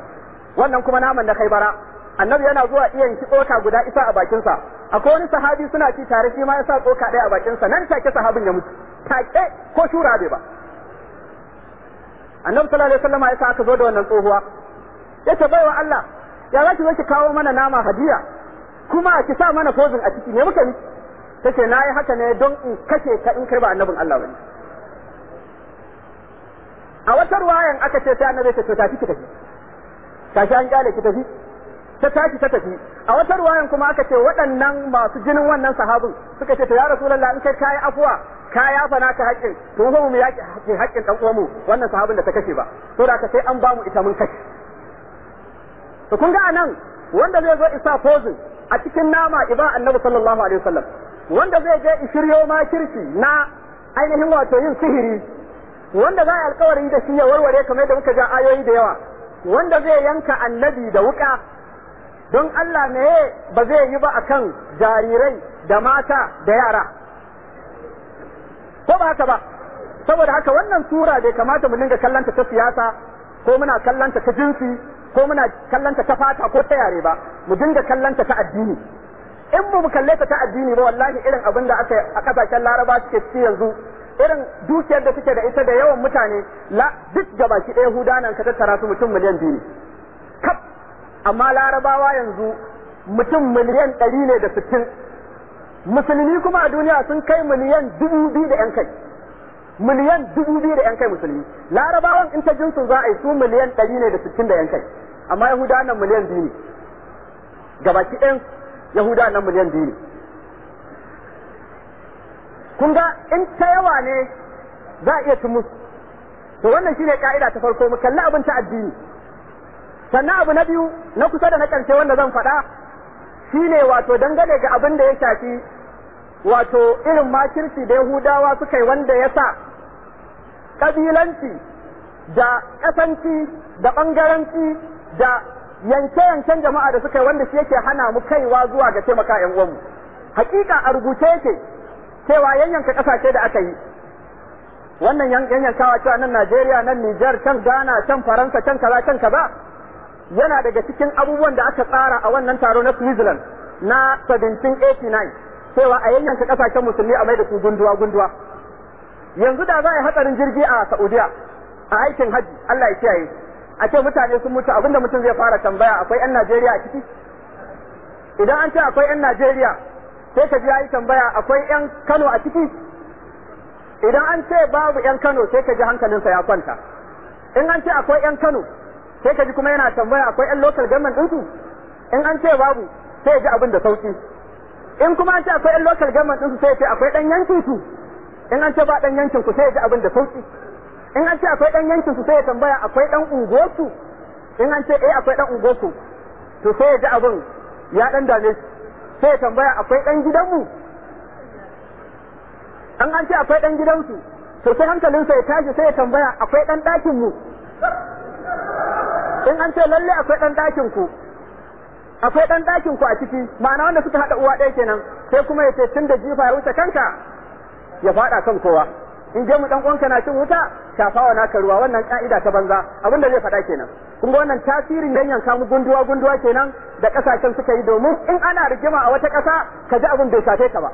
wannan kuma naman da kai bara annabi yana zuwa iya ki tsoka guda isa a bakinsa akwai wani sahabi suna ci tare shi ma ya tsoka ɗaya a bakinsa nan take sahabin ya mutu take ko shura bai ba annabi sallallahu alaihi wasallam ya sa aka zo da wannan tsohuwa yace baiwa Allah ya zaki zo ki kawo mana nama hadiya kuma ki sa mana fozin a ciki me muka yi tace na yi haka ne don in kashe ka in kai ba annabin Allah bane a wata ruwayan aka ce sai annabi ta tafi ki tafi tashi an kyale ki tafi ta tafi ta tafi a wata ruwayan kuma aka ce waɗannan masu jinin wannan sahabin suka ce to ya rasulullahi in kai kai afuwa ka yafa naka haƙƙin to mu mu hakkin haƙƙin dan uwanmu wannan sahabin da ta kashe ba to da ka sai an ba mu ita mun kashe to kun ga anan wanda zai zo isa fozin a cikin nama iba annabi sallallahu alaihi wasallam wanda zai je ishiryo ma kirki na ainihin wato yin sihiri wanda za a alkawari da shi ya warware kamar da muka ga ayoyi da yawa wanda zai yanka annabi da wuka don Allah ne ba zai yi ba akan jarirai da mata da yara ko ba haka ba saboda haka wannan tura bai kamata mu dinga kallanta ta siyasa ko muna kallanta ta jinsi ko muna kallanta ta fata ko ta yare ba mu dinga kallanta ta addini in mu mu kalle ta ta addini ba wallahi irin abin da aka a kasashen laraba suke ci yanzu irin dukiyar da suke da ita da yawan mutane la duk baki ɗaya hudanan ka tattara su mutum miliyan biyu ne kaf amma larabawa yanzu mutum miliyan ɗari ne da sittin musulmi kuma a duniya sun kai miliyan dubu biyu da yan kai miliyan dubu biyu da yan kai musulmi larabawan in ta jinsu za a yi su miliyan ɗari ne da sittin da yan kai amma yahuda nan miliyan biyu ne gabaki ɗin yahuda nan miliyan biyu ne kun ga in ta yawa ne za a iya cin musu to wannan shine ka'ida ta farko mu kalli abin ta addini sannan abu na biyu na kusa da na ƙarshe wanda zan faɗa shine wato dangane ga abin da ya shafi wato irin makirci da Yahudawa suka yi wanda ya sa kabilanci da kasanci da bangaranci da yanke-yanken jama'a da suka yi wanda shi yake hana mu kaiwa zuwa ga taimaka yan uwanmu hakika a rubuce yake cewa yanyanka kasashe da aka yi wannan yanyankawa cewa nan Najeriya nan Nijar can Ghana can Faransa can kaza can kaza yana daga cikin abubuwan da aka tsara a wannan taro na Switzerland na 1789 cewa a yanyanka kasashen musulmi a mai da su gunduwa gunduwa yanzu da za a yi hatsarin jirgi a Saudiya a aikin haji Allah ya kiyaye a ce mutane sun mutu abinda mutum zai fara tambaya akwai 'yan Najeriya a ciki idan an ce akwai 'yan Najeriya sai ka ji yayi tambaya akwai 'yan Kano a ciki idan an ce babu 'yan Kano sai ka ji hankalinsa ya kwanta in an ce akwai 'yan Kano sai ka ji kuma yana tambaya akwai 'yan local government su in an ce babu sai ya ji abin da sauki in kuma an ce akwai 'yan local government su sai ya ce akwai ɗan yankin su in an ce ba dan yankin ku sai ya ji abin da sauki in an ce akwai dan yankin ku sai ya tambaya akwai dan ungosu in an ce eh akwai dan ungosu to sai ya ji abin ya dan dame shi sai ya tambaya akwai dan gidanmu an an ce akwai dan gidansu to sai hankalinsa ya tashi sai ya tambaya akwai dan dakin mu in an ce lalle akwai dan dakin ku akwai dan dakin ku a ciki ma'ana wanda suka haɗa uwa ɗaya kenan sai kuma ya ce tun da jifa ya wuce kanka ya faɗa kan kowa in je mu dan uwanka na cin wuta shafawa naka ruwa wannan ka'ida ta banza abinda zai faɗa kenan kun ga wannan tasirin dan yanka mu gunduwa gunduwa kenan da kasashen suka yi domin in ana rigima a wata ƙasa ka ji abin bai shafe ka ba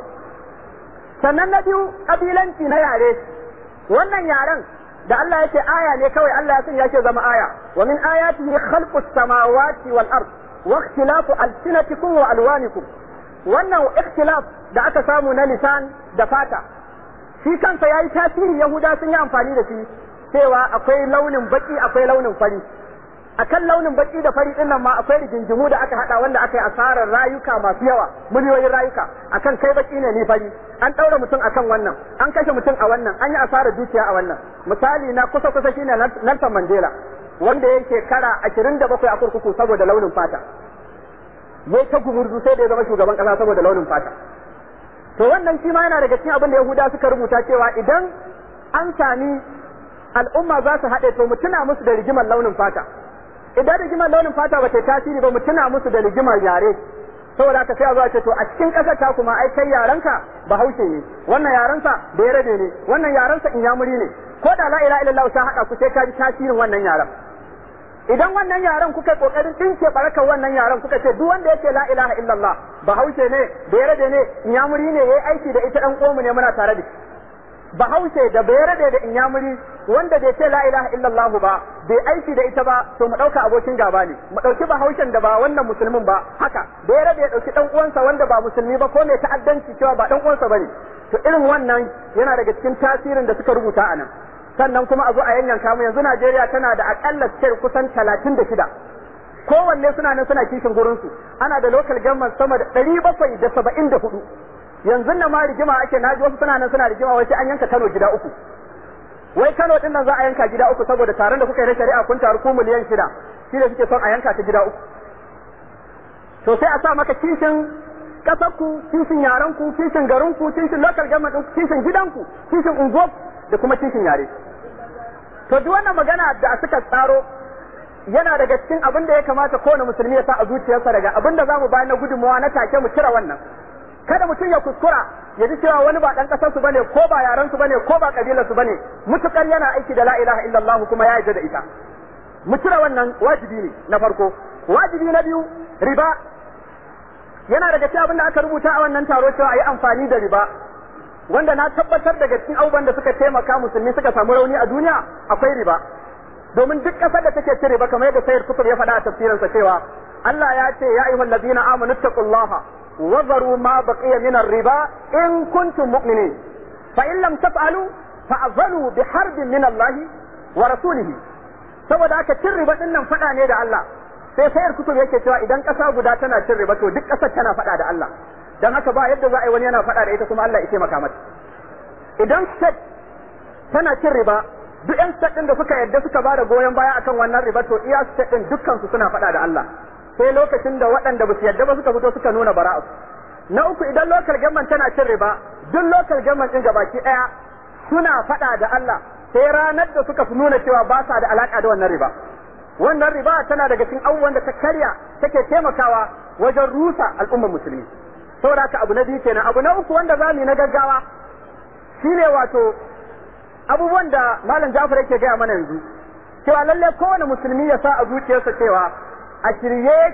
sannan na biyu kabilanci na yare wannan yaren da Allah yake aya ne kawai Allah ya san yake zama aya wa min ayatihi khalqus samawati wal ard wa ikhtilafu alsinatikum wa alwanikum wannan ikhtilaf da aka samu na lisan da fata shi kansa yi tasiri yahuda sun yi amfani da shi cewa akwai launin baki akwai launin fari akan launin baki da fari din nan ma akwai rigingimu da aka hada wanda aka yi asarar rayuka masu yawa miliyoyin rayuka akan kai baki ne ni fari an daura mutum akan wannan an kashe mutum a wannan an yi asarar dukiya a wannan misali na kusa kusa shine Nelson Mandela wanda ya shekara 27 a kurkuku saboda launin fata ya ta gumurzu sai da ya zama shugaban kasa saboda launin fata to wannan shi ma yana daga cikin abin da yahuda suka rubuta cewa idan an sami al'umma za su haɗe to mu tuna musu da rigimar launin fata idan rigimar launin fata ba ta tasiri ba mu tuna musu da rigimar yare saboda haka sai a ce to a cikin ƙasar ta kuma ai kai yarenka bahaushe ne wannan yarensa da ya ne wannan yarensa inyamuri ne ko da la ilaha illallah ta haɗa ku sai ka ji tasirin wannan yaren idan wannan yaren kuka kokarin dinke barakar wannan yaran kuka ce duk wanda yake la ilaha illallah bahaushe ne bayarade ne inyamuri ne yayi aiki da ita dan komu ne muna tare da shi bahaushe da bayarade da inyamuri wanda bai ce la ilaha illallah ba bai aiki da ita ba to mu dauka abokin gaba ne mu dauki haushen da ba wannan musulmin ba haka bayarade ya dauki dan uwansa wanda ba musulmi ba ko mai ta'addanci cewa ba dan uwansa bane to irin wannan yana daga cikin tasirin da suka rubuta anan sannan kuma a zo a yanyanka mu yanzu Najeriya tana da akalla sai kusan 36 kowanne suna nan suna kishin gurin su ana da local government sama da 774 yanzu nan ma rigima ake naji wasu suna nan suna rigima wai sai an yanka Kano gida uku wai Kano din nan za a yanka gida uku saboda taron da kuka yi na shari'a kun taru ku miliyan shida shi da suke son a yanka ta gida uku to sai a sa maka kishin kasarku kishin yarenku kishin garinku kishin local government kishin gidanku kishin unguwarku da kuma cikin yare to duk wannan magana da suka tsaro yana daga cikin abin da ya kamata kowane musulmi ya sa a zuciyarsa daga abin da za mu bayan na gudunmawa na take mu kira wannan kada mutum ya kuskura ya ji cewa wani ba ɗan ƙasarsu su bane ko ba yarensu su bane ko ba ƙabilarsu su bane mutukar yana aiki da la'ilaha ilaha illallah kuma ya yarda da ita mu kira wannan wajibi ne na farko wajibi na biyu riba yana daga cikin abin da aka rubuta a wannan taro cewa a yi amfani da riba wanda na tabbatar daga cikin abubuwan da suka taimaka musulmi suka samu rauni a duniya akwai riba domin duk ƙasar da take cin riba kamar yadda sayar kufur ya faɗa a tafsirinsa cewa Allah ya ce ya ayyuhal ladina amanu taqullaha wa zaru ma baqiya min riba in kuntum mu'minin fa in lam taf'alu fa'zalu bi harbin min Allah wa rasulihi saboda haka cin riba din nan faɗa ne da Allah sai sayar kutub yake cewa idan ƙasa guda tana cin riba to duk ƙasar tana faɗa da Allah dan haka ba yadda za a yi wani yana faɗa da ita kuma Allah ya taimaka mata idan state tana cin riba duk yan state din da suka yadda suka ba da goyon baya akan wannan riba to iya state din dukkan su suna faɗa da Allah sai lokacin da waɗanda ba su yadda ba suka fito suka nuna bara'a na uku idan local government tana cin riba duk local government din gabaki ɗaya suna faɗa da Allah sai ranar da suka nuna cewa ba sa da alaka da wannan riba wannan riba tana daga cikin abubuwan da ta karya take taimakawa wajen rusa al'ummar musulmi saboda abu na biyu kenan abu na uku wanda zamu yi na gaggawa shine wato abubuwan da malam Jafar yake gaya mana yanzu cewa lalle kowane musulmi ya sa a zuciyarsa cewa a shirye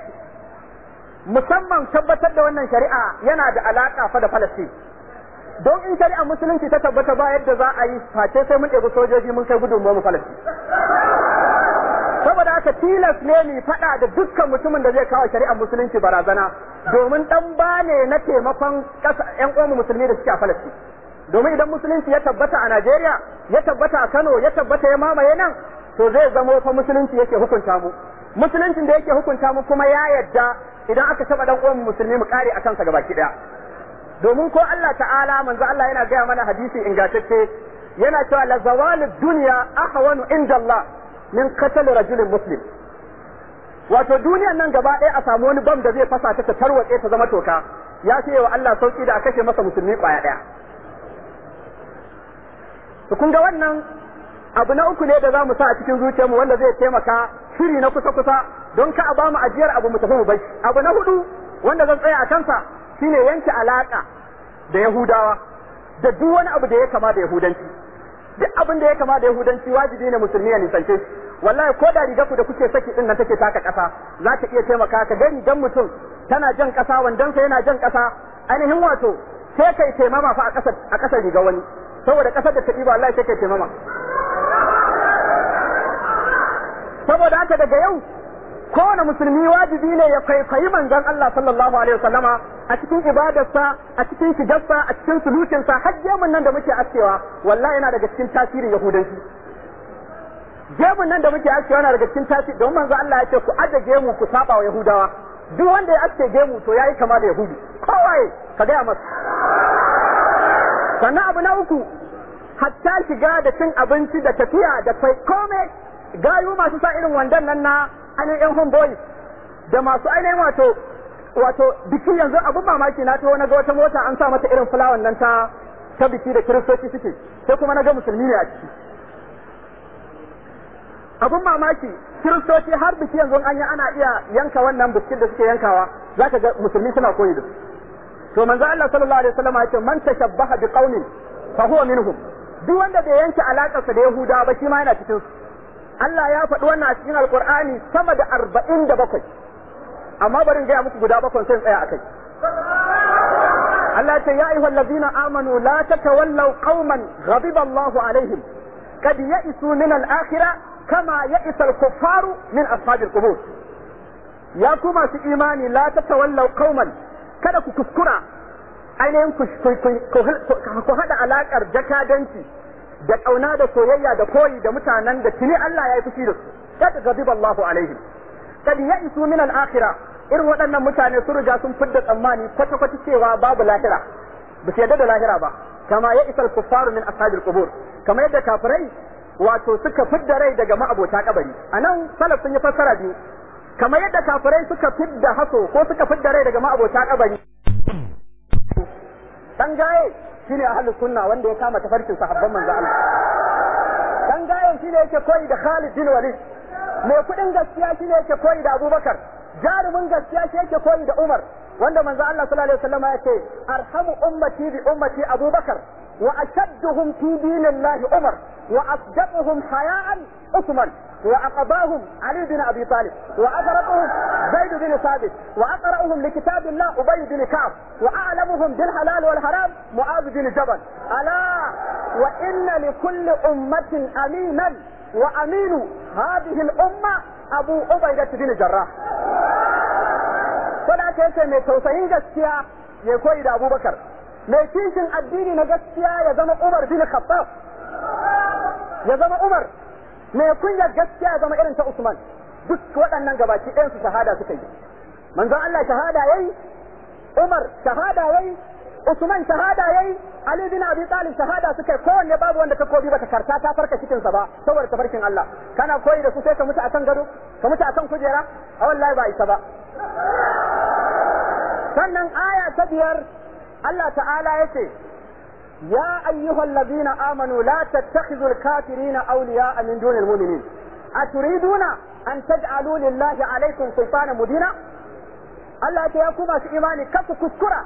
musamman tabbatar da wannan shari'a yana da alaƙa fa da Palestine don in shari'a musulunci ta tabbata ba yadda za a yi face sai mun ɗebi sojoji mun kai gudun mu Palestine saboda haka tilas ne mu faɗa da dukkan mutumin da zai kawo shari'ar musulunci barazana domin dan ba ne na taimakon ƴan uwan musulmi da suke a Falastin domin idan musulunci ya tabbata a Najeriya ya tabbata a Kano ya tabbata ya mamaye nan to zai zamo fa musulunci yake hukunta mu musuluncin da yake hukunta mu kuma ya yadda idan aka taba dan uwan musulmi mu kare akan sa gabaki daya domin ko Allah ta'ala manzo Allah yana gaya mana hadisi ingantacce yana cewa la zawalud dunya ahwanu inda Allah min katal rajulin muslim wato duniyan nan gaba ɗaya a samu wani bam da zai fasa ta ta tarwatse ta zama toka ya ce wa Allah sauki da a kashe masa musulmi kwaya ɗaya to kun ga wannan abu na uku ne da zamu sa a cikin zuciyarmu wanda zai taimaka shiri na kusa kusa don ka a bamu ajiyar abu mu tafi mu bai abu na hudu wanda zan tsaya a kansa shine yanke alaka da Yahudawa da duk wani abu da ya kama da Yahudanci duk abin da ya kama da yahudanci wajibi ne musulmi ya nisance shi wallahi ko da rigar ku da kuke saki din nan take taka kasa za ta iya taimaka ka ga rigar mutum tana jan kasa wandonsa yana jan kasa ainihin wato sai kai taimama fa a kasar a kasar rigar wani saboda kasar da ta ɗiba wallahi sai kai taimama saboda haka daga yau kowane musulmi wajibi ne ya kwaikwayi manzon Allah sallallahu alaihi wasallama a cikin ibadarsa a cikin shigarsa a cikin sulukinsa har gemun nan da muke askewa wallahi yana daga cikin tasirin yahudanci gemun nan da muke askewa yana daga cikin tasiri don manzon Allah ya ce ku aje gemu ku saba wa yahudawa duk wanda ya aske gemu to yayi kama da yahudi kawai ka gaya masa sannan abu na uku hatta shiga da cin abinci da tafiya da kai komai gayu masu sa irin wandan nan na ainihin yan boys da masu ainihin wato wato biki yanzu abin mamaki na taho na ga wata mota an sa mata irin fulawan nan ta ta biki da kiristoci suke sai kuma na ga musulmi ne a ciki abin mamaki kiristoci har biki yanzu an yi ana iya yanka wannan biskin da suke yankawa za ka ga musulmi suna koyi da to manzo Allah sallallahu alaihi wasallam ya ce man tashabbaha bi qaumin fa huwa minhum duk wanda bai yanke alakarsa da yahudawa ba shi ma yana cikin su Allah ya faɗi wannan a cikin alkur'ani sama da arba'in da bakwai amma barin gaya muku guda bakwai sai tsaya a kai Allah ce ya ayyuhal ladina amanu la tatawallaw qauman ghadiba Allahu alaihim kad ya'isu min al-akhirah kama ya'isa al-kuffaru min ashabil qubur ya ku masu imani la tatawallaw qauman kada ku kuskura ainihin ku haɗa alakar jakadanci da kauna da soyayya da koyi da mutanen da tuni Allah ya yi fushi da su kada gabi Allahu alaihim kad isu min al akhira irin waɗannan mutane sun riga sun fidda tsammani kwata kwata cewa babu lahira ba su da lahira ba kama ya isar kuffaru min al qubur kama yadda kafirai wato suka fidda rai daga ma'abota kabari anan salaf sun yi fassara biyu kama yadda kafirai suka fidda haso ko suka fidda rai daga ma'abota kabari dan gaye shine ahlus sunna wanda ya kama tafarkin sahabban manzo Allah dan gayan shine yake koyi da Khalid bin Walid mai kudin gaskiya shine yake koyi da Abubakar jarumin gaskiya shi yake koyi da Umar wanda manzo Allah sallallahu alaihi wasallam ya ce arhamu ummati bi ummati Abubakar واشدهم في دين الله عمر واصدقهم حياء عثمان واقضاهم علي بن ابي طالب وأقرأهم زيد بن ثابت واقراهم لكتاب الله ابي بن كعب واعلمهم بالحلال والحرام معاذ بن جبل الا وان لكل امه امينا وامين هذه الامه ابو عبيده بن جراح فلا كيف من جسيا gaskiya أبو بكر mai kishin addini na gaskiya ya zama Umar bin Khattab ya zama Umar mai kunya gaskiya ya zama irin ta Usman duk waɗannan gabaki ɗayan su shahada suka yi manzon Allah shahada yayi Umar shahada yayi Usman shahada yayi Ali bin Abi Talib shahada suka kowanne babu wanda ka kobi bata karta ta farka cikin sa ba saboda tafarkin Allah kana koyi da su sai ka mutu akan gado ka mutu akan kujera a wallahi ba isa ba sannan aya ta biyar Allah ta'ala ya ce ya ayyuhal ladina amanu la tattakhidhul kafirina awliya'a min dunil mu'minin aturiduna an taj'alu lillahi alaykum sultana mudina Allah ta ya ku masu imani kaku kuskura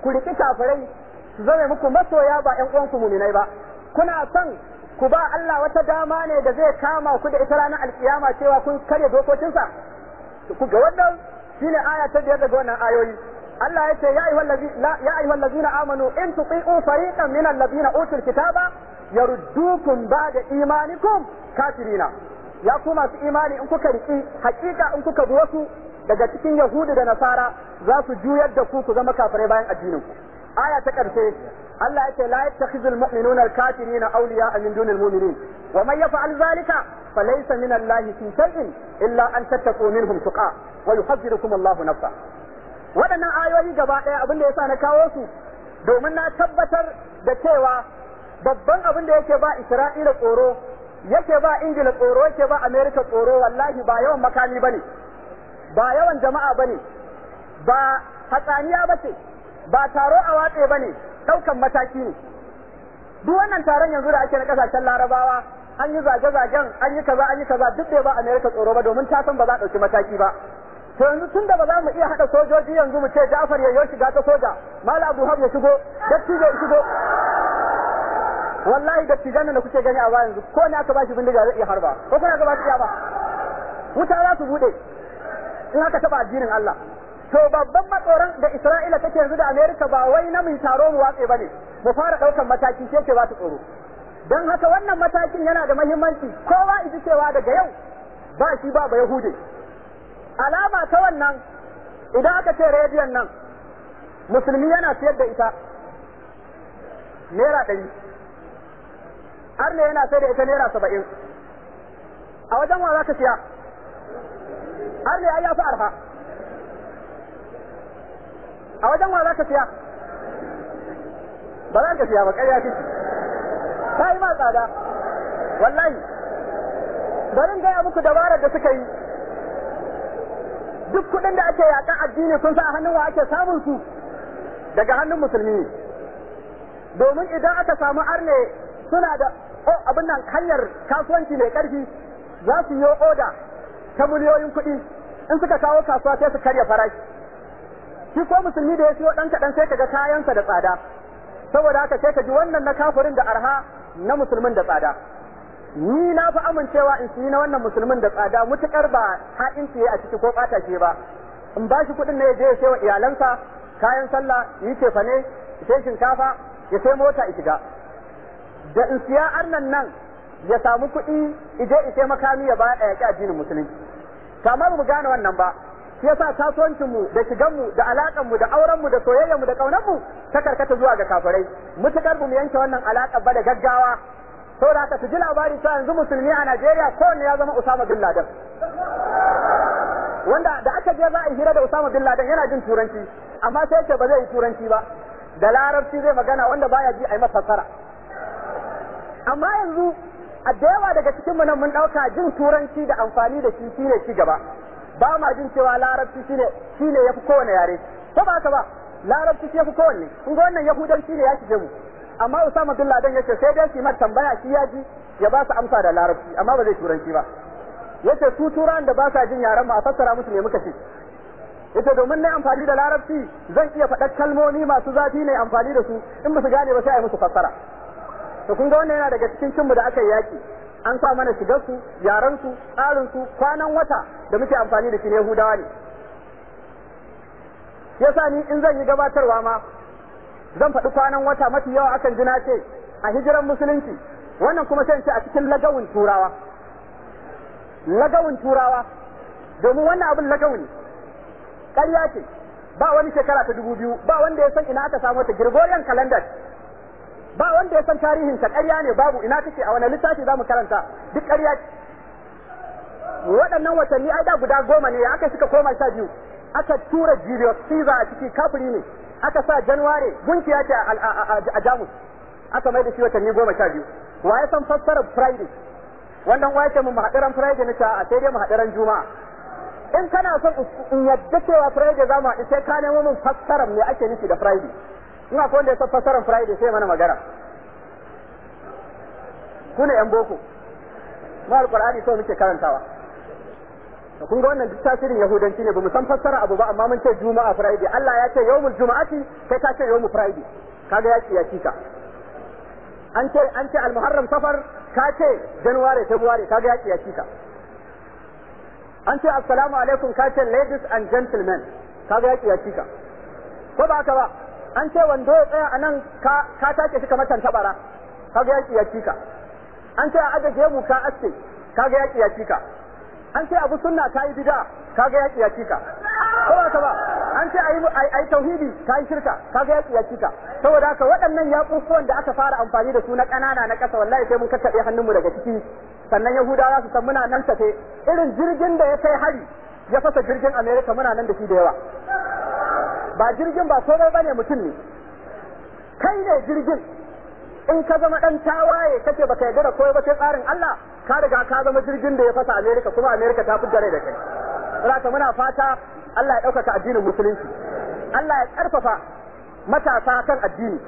ku riki kafirai su zame muku masoya ba ƴan uwanku muminai ba kuna son ku ba Allah wata dama ne da zai kama ku da ita ranar alkiyama cewa kun karya dokokinsa ku ga wannan shine aya ta biyar daga wannan ayoyi Allah ya ce ya ayyuhal ladina amanu in tuti'u fariqan min alladina utul kitaba yaruddukum ba'da imanikum kafirina ya kuma su imani in kuka riki hakika in kuka bi wasu daga cikin yahudu da nasara za su juyar da ku ku zama kafirai bayan addinin ku aya ta karshe Allah ya ce la yattakhizul mu'minuna al-kafirina awliya min dunil mu'minin wa man yaf'al zalika falaysa min lahi fi shay'in illa an tattaqu minhum tuqa wa yuhadhdhirukum Allah nafsa waɗannan ayoyi gaba ɗaya abin ya sa na kawo su domin na tabbatar da cewa babban abin da yake ba Isra'ila tsoro yake ba Ingila tsoro yake ba Amerika tsoro wallahi ba yawan makami bane ba yawan jama'a bane ba hatsaniya bace ba taro a watse bane ɗaukan mataki ne duk wannan taron yanzu da ake na kasashen Larabawa an yi zage-zagen an yi kaza an yi kaza duk da ba Amerika tsoro ba domin ta san ba za ta dauki mataki ba to yanzu tun da ba za mu iya haɗa sojoji yanzu mu ce Ja'far ya yi shiga ta soja Malam Abu ya shigo dattijo ya shigo wallahi dattijan nan da kuke gani a ba yanzu ko ne aka bashi bindiga zai iya harba ko kuma aka bashi ba wuta za su bude in aka taba addinin Allah to babban matsoron da Isra'ila take yanzu da america ba wai na mun taro mu watse bane mu fara daukar mataki sai ke ba su tsoro dan haka wannan matakin yana da muhimmanci kowa iji cewa daga yau ba shi ba ba yahude alama ta wannan idan aka ce rediyon nan musulmi yana siyar da ita naira ɗari har ne yana sai da ita naira saba'in a wajen wa za ka siya har ne ya fi arha a wajen wa za ka siya ba za ka siya ba ƙarya ce ta yi ma tsada wallahi bari gaya muku dabarar da suka yi duk kuɗin da ake yakan addini kun sa hannun wa ake samun su daga hannun musulmi domin idan aka samu arne suna da abin nan hanyar kasuwanci mai ƙarfi za su yi oda ta miliyoyin kuɗi in suka kawo kasuwa sai su karya farashi shi ko musulmi da ya siyo ɗan kaɗan sai kaga kayansa da tsada saboda haka sai ka ji wannan na kafirin da arha na musulmin da tsada ni na fi amincewa in siyi na wannan musulmin da tsada mutukar ba haɗin ce a ciki ko ɓata ce ba in ba shi kuɗin na ya je ya sayo wa iyalansa kayan sallah yi Ya sai shinkafa ya sai mota ya shiga da in siya annan nan ya samu kuɗi ije ise makami ya baya yaƙi addinin musulunci kama mu gane wannan ba shi yasa kasuwancin mu da shigan mu da alaƙan mu da auren mu da soyayyar mu da ƙaunar mu ta karkata zuwa ga kafirai mutakar mu yanke wannan alaƙa ba da gaggawa saboda haka su ji labari cewa yanzu musulmi a Najeriya kowanne ya zama Usama bin Laden wanda da aka je za a yi hira da Usama bin Laden yana jin turanci amma sai ce ba zai yi turanci ba da larabci zai magana wanda baya ji a yi masa amma yanzu a da yawa daga cikin mu nan mun dauka jin turanci da amfani da shi shine ci gaba ba ma jin cewa larabci shine shine yafi kowanne yare ko ba ka ba larabci shi yafi kowanne kun ga wannan yahudanci ne ya shige mu amma Usama bin Laden yace sai dai shi tambaya shi ya ji ya ba su amsa da larabci amma ba zai turanci ba yace su turan da ba sa jin yaran ma a fassara musu ne muka ce yace domin na amfani da larabci zan iya faɗa kalmomi masu zafi ne amfani da su in ba su gane ba sai a musu fassara to kun ga wannan yana daga cikin cinmu da aka yi yaki an sa mana shigar su yaran su tsarin su kwanan wata da muke amfani da shi ne Yahudawa ne yasa ni in zan yi gabatarwa ma zan faɗi kwanan wata mafi yawa akan jina ce a hijiran musulunci wannan kuma sai ce a cikin lagawun turawa lagawun turawa domin wannan abin lagawun ƙarya ce ba wani shekara ta dubu biyu ba wanda ya san ina aka samu ta Gregorian calendar ba wanda ya san tarihin ta ƙarya ne babu ina take a wani littafi mu karanta duk ƙarya ce waɗannan watanni ai da guda goma ne aka suka koma sha biyu aka tura Julius Caesar a ciki kafiri ne aka sa janware gunkiya ce a jamus aka mai da shi watanni goma sha biyu wa ya san fassarar friday wannan wa ce mu mahadaran friday na a sai dai mu juma'a in kana son in yadda cewa friday za mu haɗu sai ka nemo min fassarar me ake nufi da friday ina ko wanda ya san fassarar friday sai mana magana ku ne yan boko mu alƙur'ani muke karantawa kun ga wannan duk tasirin yahudanci ne bamu san fassara abu ba amma mun ce juma'a friday Allah ya ce yawmul juma'ati kai ka ce yawmul friday kaga yaki ya cika an ce an ce al-muharram safar ka ce january february kaga yaki ya cika an ce assalamu alaikum ka ce ladies and gentlemen kaga yaki ya cika ko ba haka ba an ce wando ya tsaya anan ka ka take shi kamar tantabara kaga yaki ya cika an ce a ajaje mu ka aske kaga yaki ya cika an ce abu sunna ta yi bid'a ga yaki yaki ka ko ba ba an ce ayi ayi tauhidi ka yi shirka ga yaki yaki ka saboda haka waɗannan yaƙuƙuwan da aka fara amfani da su na ƙanana na ƙasa wallahi sai mun kakkaɓe hannunmu daga ciki sannan yahudawa su san muna nan tafe irin jirgin da ya kai hari ya fasa jirgin Amerika muna nan da shi da yawa ba jirgin ba komai bane mutum ne kai ne jirgin in ka zama ɗan tawaye kake baka yarda da koyo ba sai tsarin Allah ka riga ka zama jirgin da ya fasa Amerika kuma Amerika ta fidda rai da kai saboda muna fata Allah ya ɗaukaka addinin musulunci Allah ya ƙarfafa matasa kan addini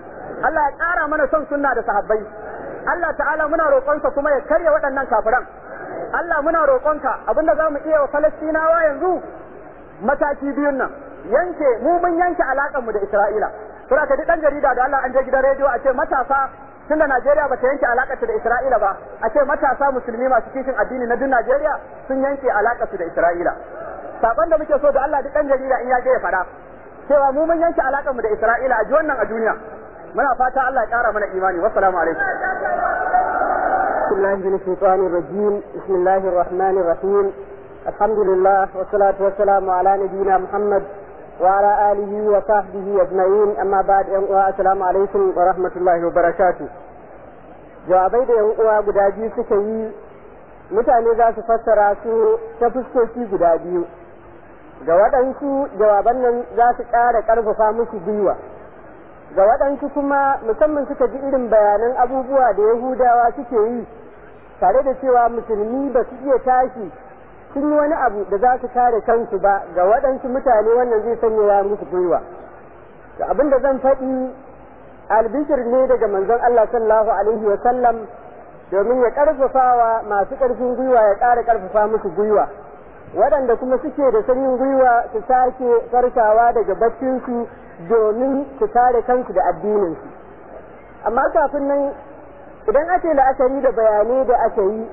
Allah ya ƙara mana son sunna da sahabbai Allah ta'ala muna roƙonsa kuma ya karya waɗannan kafiran Allah muna roƙonka abinda za mu iya wa Falastinawa yanzu mataki biyun nan yanke mu mun yanke alaƙar mu da Isra'ila Kura ka ji ɗan jarida da Allah an je gidan rediyo a ce matasa tunda Najeriya ba ta yanke alakarta da Isra'ila ba a ce matasa musulmi masu kishin addini na duk Najeriya sun yanke alakarsu da Isra'ila saban da muke so da Allah duk dan jarida in ya je ya fada cewa mu mun yanke alakar mu da Isra'ila a ji wannan a duniya muna fata Allah ya kara mana imani wassalamu alaikum بسم الله من الشيطان الرجيم بسم الله alhamdulillah الرحيم الحمد لله والصلاة والسلام على وعلى آله وصحبه أجمعين أما بعد السلام عليكم ورحمة الله وبركاته jawabai da yan uwa guda biyu suka yi mutane za su fassara su ta fuskoki guda biyu ga waɗansu jawaban nan za su ƙara ƙarfafa musu gwiwa ga waɗansu kuma musamman suka ji irin bayanan abubuwa da yahudawa suke yi tare da cewa musulmi ba su iya tashi sun yi wani abu da za su kare kansu ba ga waɗansu mutane wannan zai sanya ya musu gwiwa da abin da zan faɗi albishir ne daga manzon Allah sallallahu alaihi wa sallam domin ya ƙarfafawa masu ƙarfin gwiwa ya ƙara ƙarfafa musu gwiwa waɗanda kuma suke da sanyin gwiwa su sake farkawa daga baccinsu domin su kare kansu da addininsu amma kafin nan idan ake la'akari da bayanai da aka yi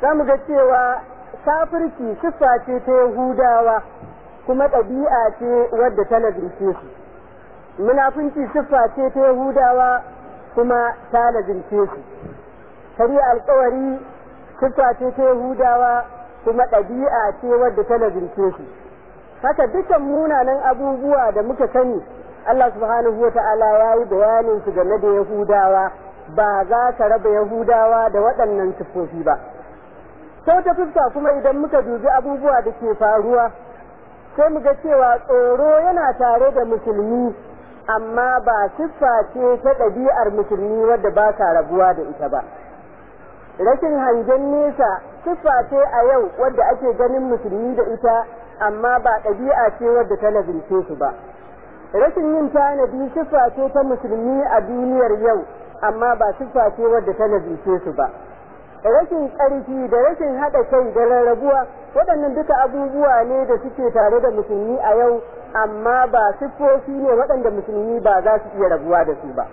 za mu ga cewa kafirci siffa ce ta yahudawa kuma ɗabi'a ce wadda ta lazimce su munafunci siffa ce ta yahudawa kuma ta lazimce su shari'a alkawari siffa ce ta yahudawa kuma ɗabi'a ce wadda ta lazimce su haka dukan munanan abubuwa da muka sani Allah subhanahu wata'ala ta'ala ya yi bayanin su game da yahudawa ba za ka raba yahudawa da waɗannan siffofi ba sau ta fuska kuma idan muka dubi abubuwa da ke faruwa sai mu ga cewa tsoro yana tare da musulmi amma ba siffa ce ta ɗabi'ar musulmi wadda ba ta rabuwa da ita ba rashin hangen nesa siffa ce a yau wadda ake ganin musulmi da ita amma ba ɗabi'a ce wadda ta lazimce su ba rashin yin tanadi siffa ce ta musulmi a duniyar yau amma ba siffa ce wadda ta lazimce su ba rashin ƙarfi da rashin haɗa kai da rarrabuwa waɗannan duka abubuwa ne da suke tare da musulmi a yau amma ba siffofi ne waɗanda musulmi ba za su iya rabuwa da su ba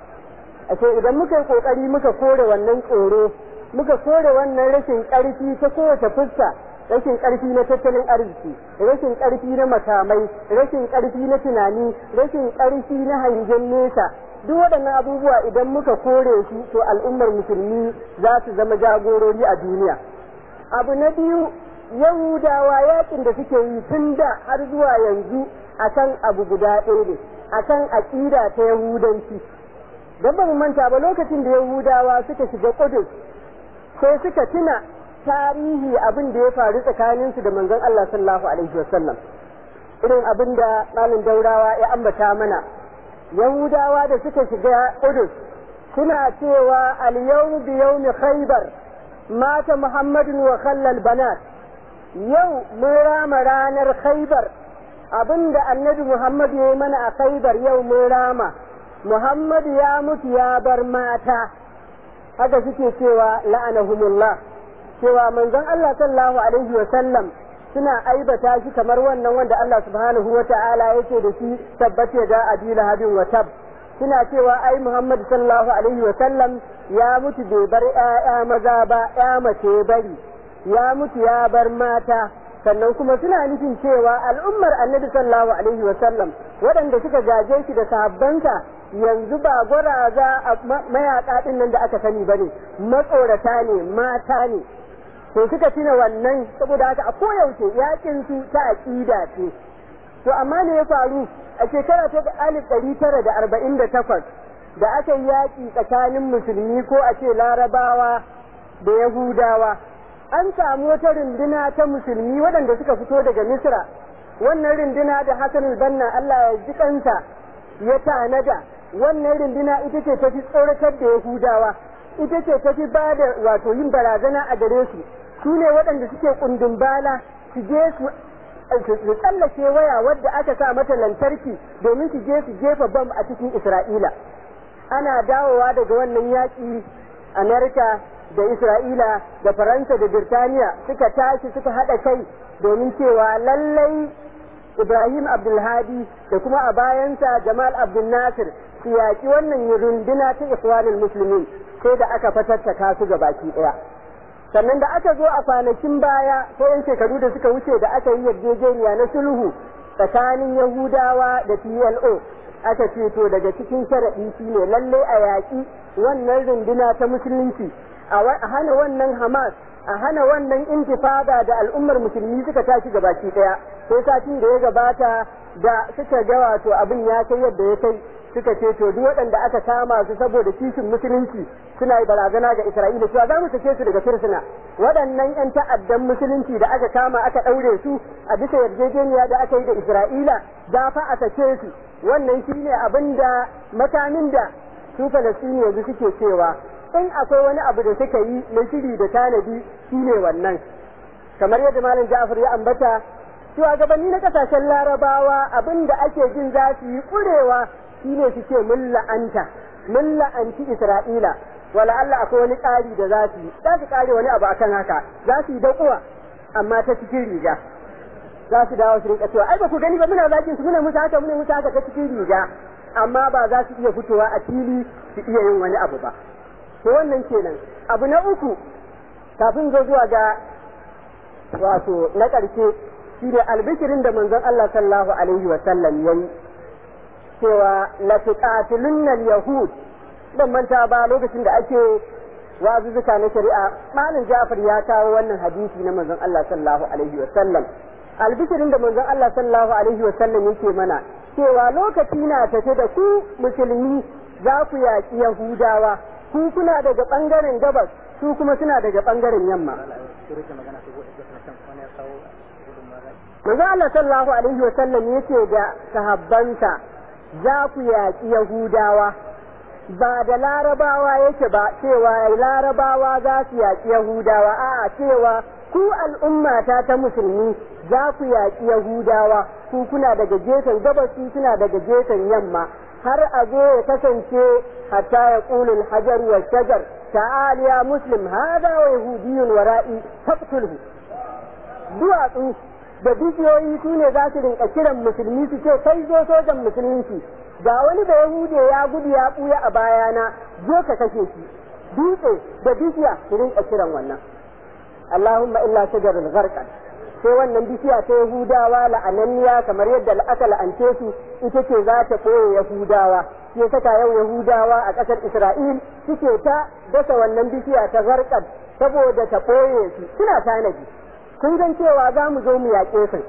ashe idan muka yi ƙoƙari muka kore wannan tsoro muka kore wannan rashin ƙarfi ta kowace fuska rashin ƙarfi na tattalin arziki rashin ƙarfi na makamai rashin ƙarfi na tunani rashin ƙarfi na hangen nesa duk waɗannan abubuwa idan muka kore shi, to al'ummar musulmi za su zama jagorori a duniya abu na biyu yahudawa yakin da suke yi tun da har zuwa yanzu akan abu guda ɗaya ne akan aƙida ta yahudanci dan ba mu manta ba lokacin da yahudawa suka shiga ƙudus sai suka tuna tarihi abin da ya faru tsakanin su da manzon Allah sallallahu alaihi wasallam irin abin da malin daurawa ya ambata mana yahudawa da suka shiga Udus suna cewa al-yawm bi yawm khaybar mata muhammadun wa khallal banat yau mun rama ranar khaybar abinda annabi muhammad ya yi mana a khaybar yau mun rama muhammad ya mutu ya bar mata haka suke cewa la'anahumullah cewa manzon Allah sallallahu alaihi wa sallam suna aibata shi kamar wannan wanda Allah subhanahu wa ta'ala yake da shi tabbace da adila habin wa tab suna cewa ai Muhammad sallallahu alaihi wa sallam ya mutu bai bar ya maza ba ya mace bari ya mutu ya bar mata sannan kuma suna nufin cewa al'ummar annabi sallallahu alaihi wa sallam waɗanda suka gaje shi da sahabbansa yanzu ba gwaraza mayaƙa ɗin nan da aka sani bane matsorata ne mata ne to suka tuna wannan saboda haka a koyaushe yakin su ta aqida ce to amma ne ya faru a shekara ta alif ɗari tara da arba'in da takwas da aka yi yaƙi tsakanin musulmi ko a ce larabawa da yahudawa an samu wata runduna ta musulmi waɗanda suka fito daga misra wannan runduna da hasan banna allah ya ji kansa ya tanada wannan runduna ita ce ta fi tsoratar da yahudawa ita ce ta fi ba da wato yin barazana a gare su su ne waɗanda suke kundin bala su je su su tsallake waya wadda aka sa mata lantarki domin su je su jefa bam a cikin isra'ila ana dawowa daga wannan yaƙi amerika da isra'ila da faransa da birtaniya suka tashi suka haɗa kai domin cewa lallai ibrahim abdulhadi da kuma a bayansa jamal abdulnasir su yaƙi wannan runduna ta ikhwanul musulmin sai da aka fatattaka su baki ɗaya sannan da aka zo a kwanakin baya ko yan shekaru da suka wuce da aka yi yarjejeniya na sulhu tsakanin yahudawa da plo aka ce to daga cikin sharaɗi ne lalle a yaƙi wannan runduna ta musulunci a hana wannan hamas a hana wannan intifada da al'ummar musulmi suka tashi gabaki ɗaya sai satin da ya gabata da suka ga wato abin ya kai yadda ya kai suka ce to duk waɗanda aka kama su saboda kishin musulunci suna yi barazana ga Isra'ila cewa za mu sake su daga kirsina waɗannan ƴan ta'addan musulunci da aka kama aka ɗaure su a bisa yarjejeniya da aka yi da Isra'ila za fa a sake su wannan shine abin da makamin da su Falastini yanzu suke cewa in akwai wani abu da suka yi na shiri da tanadi shine wannan kamar yadda malam Ja'far ya ambata gabanni na kasashen larabawa abinda ake jin za su yi kurewa shi ne su ce mun la'anta mun la'anci isra'ila wala Allah akwai wani ƙari da za su yi za su ƙari wani abu akan haka za su yi daƙuwa amma ta cikin riga za su dawo su rinƙa cewa ai ba ku gani ba muna zakin su muna musu haka muna musu haka ta cikin riga amma ba za su iya fitowa a fili su iya yin wani abu ba to wannan kenan abu na uku kafin zo zuwa ga wato na ƙarshe shi ne albikirin da manzon Allah sallallahu alaihi wa sallam yi. cewa la tuqatilunna al-yahud ban manta ba lokacin da ake wazuzuka na shari'a malin Ja'far ya kawo wannan hadisi na manzon Allah sallallahu alaihi wa sallam albishirin da manzon Allah sallallahu alaihi wa sallam yake mana cewa lokaci na tafe da ku musulmi za ku yaƙi Yahudawa ku kuna daga bangaren gabas su kuma suna daga bangaren yamma manzon Allah sallallahu alaihi wa sallam yake da sahabbansa za ku yaƙi yahudawa ba da larabawa yake ba cewa larabawa za su yaƙi yahudawa a'a cewa ku al'ummata ta musulmi za ku yaƙi yahudawa ku kuna daga gefen gabas ku kuna daga gefen yamma har a zo ya kasance hatta ya ƙulul hajar wa shajar ta'al ya muslim hada wa Yahudiyun wara'i faqtulhu duwatsu da bishiyoyi su ne za su rinka kiran musulmi su ce kai zo sojan musulunci ga wani da yahude ya gudu ya buya a bayana zo ka kashe shi dutse da bishiya su rinka kiran wannan Allahumma illa shajarul gharqad sai wannan bishiya ta Yahudawa la'ananniya kamar yadda la'aka la'ance su ita ce za ta koya Yahudawa ya saka yau Yahudawa a ƙasar Isra'il suke ta dasa wannan bishiya ta zarkar saboda ta koye su suna tanadi kun san cewa za mu zo mu yaƙe su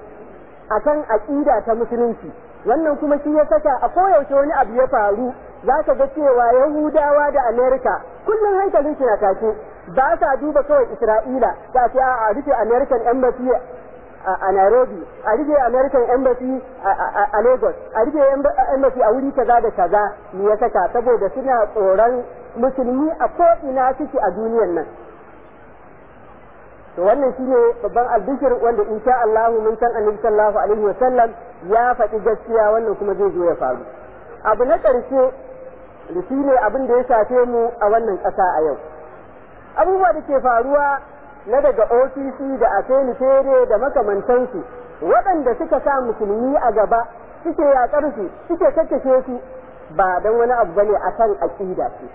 kan aƙida ta musulunci wannan kuma shi ya saka a koyaushe wani abu ya faru za ka ga cewa yahudawa da amerika kullum hankalin shi na tashi ba sa duba kawai isra'ila ta fi a rufe american embassy a nairobi a rufe american embassy a lagos a rufe embassy a wuri kaza da kaza mu ya saka saboda suna tsoron musulmi a ko'ina suke a duniyan nan to wannan shine babban albishir wanda insha Allah mun san annabi sallallahu alaihi wa sallam ya faɗi gaskiya wannan kuma zai zo ya faru abu na ƙarshe da shi abin da ya shafe mu a wannan ƙasa a yau abubuwa da ke faruwa na daga ofisi da Akeni fere da makamantansu waɗanda suka sa musulmi a gaba suke yaƙar su suke kakkashe su ba don wani abu bane akan aƙida su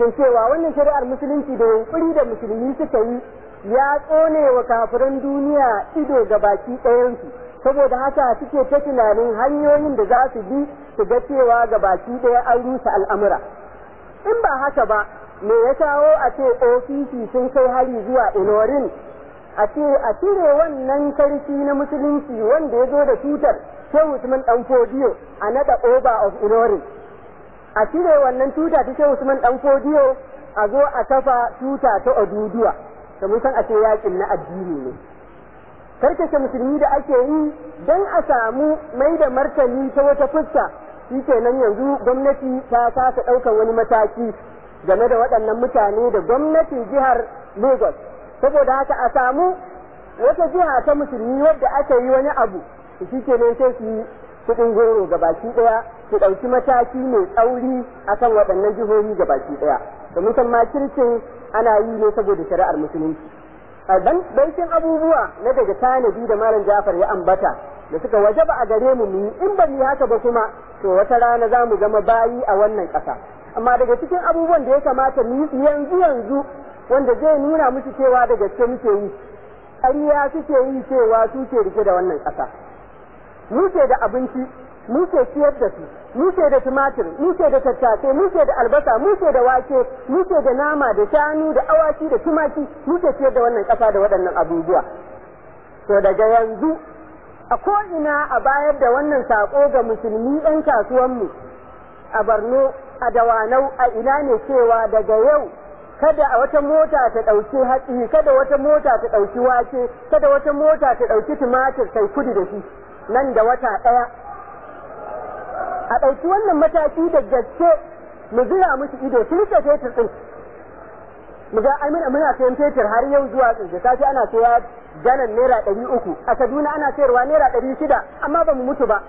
sun cewa wannan shari'ar musulunci da yunkuri da musulmi suka yi ya tsone wa kafirin duniya ido ga baki ɗayansu saboda haka suke ta tunanin hanyoyin da za su bi su ga cewa ga baki ɗaya an rusa al'amura in ba haka ba me ya kawo a ce ofishi sun kai hari zuwa inorin a ce a cire wannan sarki na musulunci wanda ya zo da tutar shehu usman dan fodiyo a nada oba of inorin a cire wannan tuta ta shehu usman dan fodiyo a zo a kafa tuta ta oduduwa da mun san a yakin na addini ne karkace musulmi da ake yi don a samu mai da martani ta wata fuska shi kenan yanzu gwamnati ta kasa ɗaukar wani mataki game da waɗannan mutane da gwamnatin jihar lagos saboda haka a samu wata jiha ta musulmi wadda aka yi wani abu shi kenan sai su yi kuɗin goro ga baki ɗaya su ɗauki mataki mai tsauri akan waɗannan jihohi gabaki baki ɗaya domin san ma kirkin. ana yi ne saboda shari'ar musulunci dan baikin abubuwa na daga tanadi da malam Jafar ya ambata da suka wajaba a gare mu mu in ba mu haka ba kuma to wata rana za mu zama bayi a wannan kasa amma daga cikin abubuwan da ya kamata mu yanzu yanzu wanda zai nuna musu cewa daga gaske muke yi ƙarya suke yi cewa suke rike da wannan ƙasa muke da abinci muke siyar da su muke da tumatir muke da tattasai muke da albasa muke da wake muke da nama da shanu da awaki da tumaki muke siyar da wannan kasa da waɗannan abubuwa to daga yanzu a ko ina a bayar da wannan sako ga musulmi ɗan kasuwanmu a Borno a Dawanau a ina ne cewa daga yau kada a wata mota ta ɗauki hatsi kada wata mota ta ɗauki wake kada wata mota ta ɗauki tumatir kai kudu da shi nan da wata ɗaya a ɗauki wannan mataki da gaske mu zira musu ido sun rike fetur ɗin mu ga ai muna sayan fetur har yau zuwa tsinke safi ana saya ganan naira ɗari uku a kaduna ana sayarwa naira ɗari shida amma ba mu mutu ba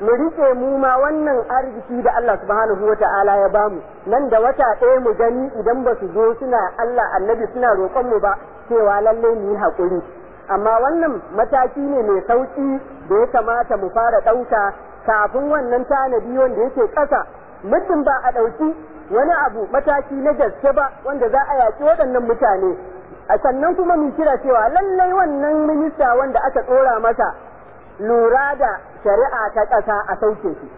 mu riƙe mu ma wannan arziki da Allah subhanahu wa ta'ala ya bamu nan da wata ɗaya mu gani idan ba su zo suna Allah annabi suna roƙon mu ba cewa lalle mu yi haƙuri amma wannan mataki ne mai sauƙi da ya kamata mu fara ɗauka kafin wannan tanadi wanda yake ƙasa mutum ba a ɗauki wani abu mataki na gaske ba wanda za a yaƙi waɗannan mutane a sannan kuma mu kira cewa lallai wannan minista wanda aka tsora masa lura da shari'a ta ƙasa a sauke shi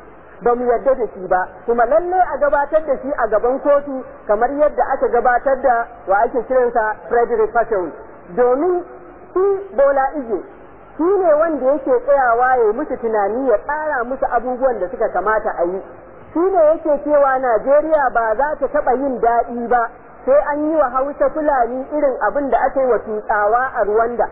ba mu yadda da shi ba kuma lallai a gabatar da shi a gaban kotu kamar yadda aka gabatar da wa ake kiransa Frederick Fashion domin shi Bola ije. shi ne wanda yake tsayawa ya musu tunani ya tsara musu abubuwan da suka kamata a yi shi ne yake cewa najeriya ba za ta taɓa yin daɗi ba sai an yi wa hausa fulani irin abin da aka yi wa tutsawa a ruwanda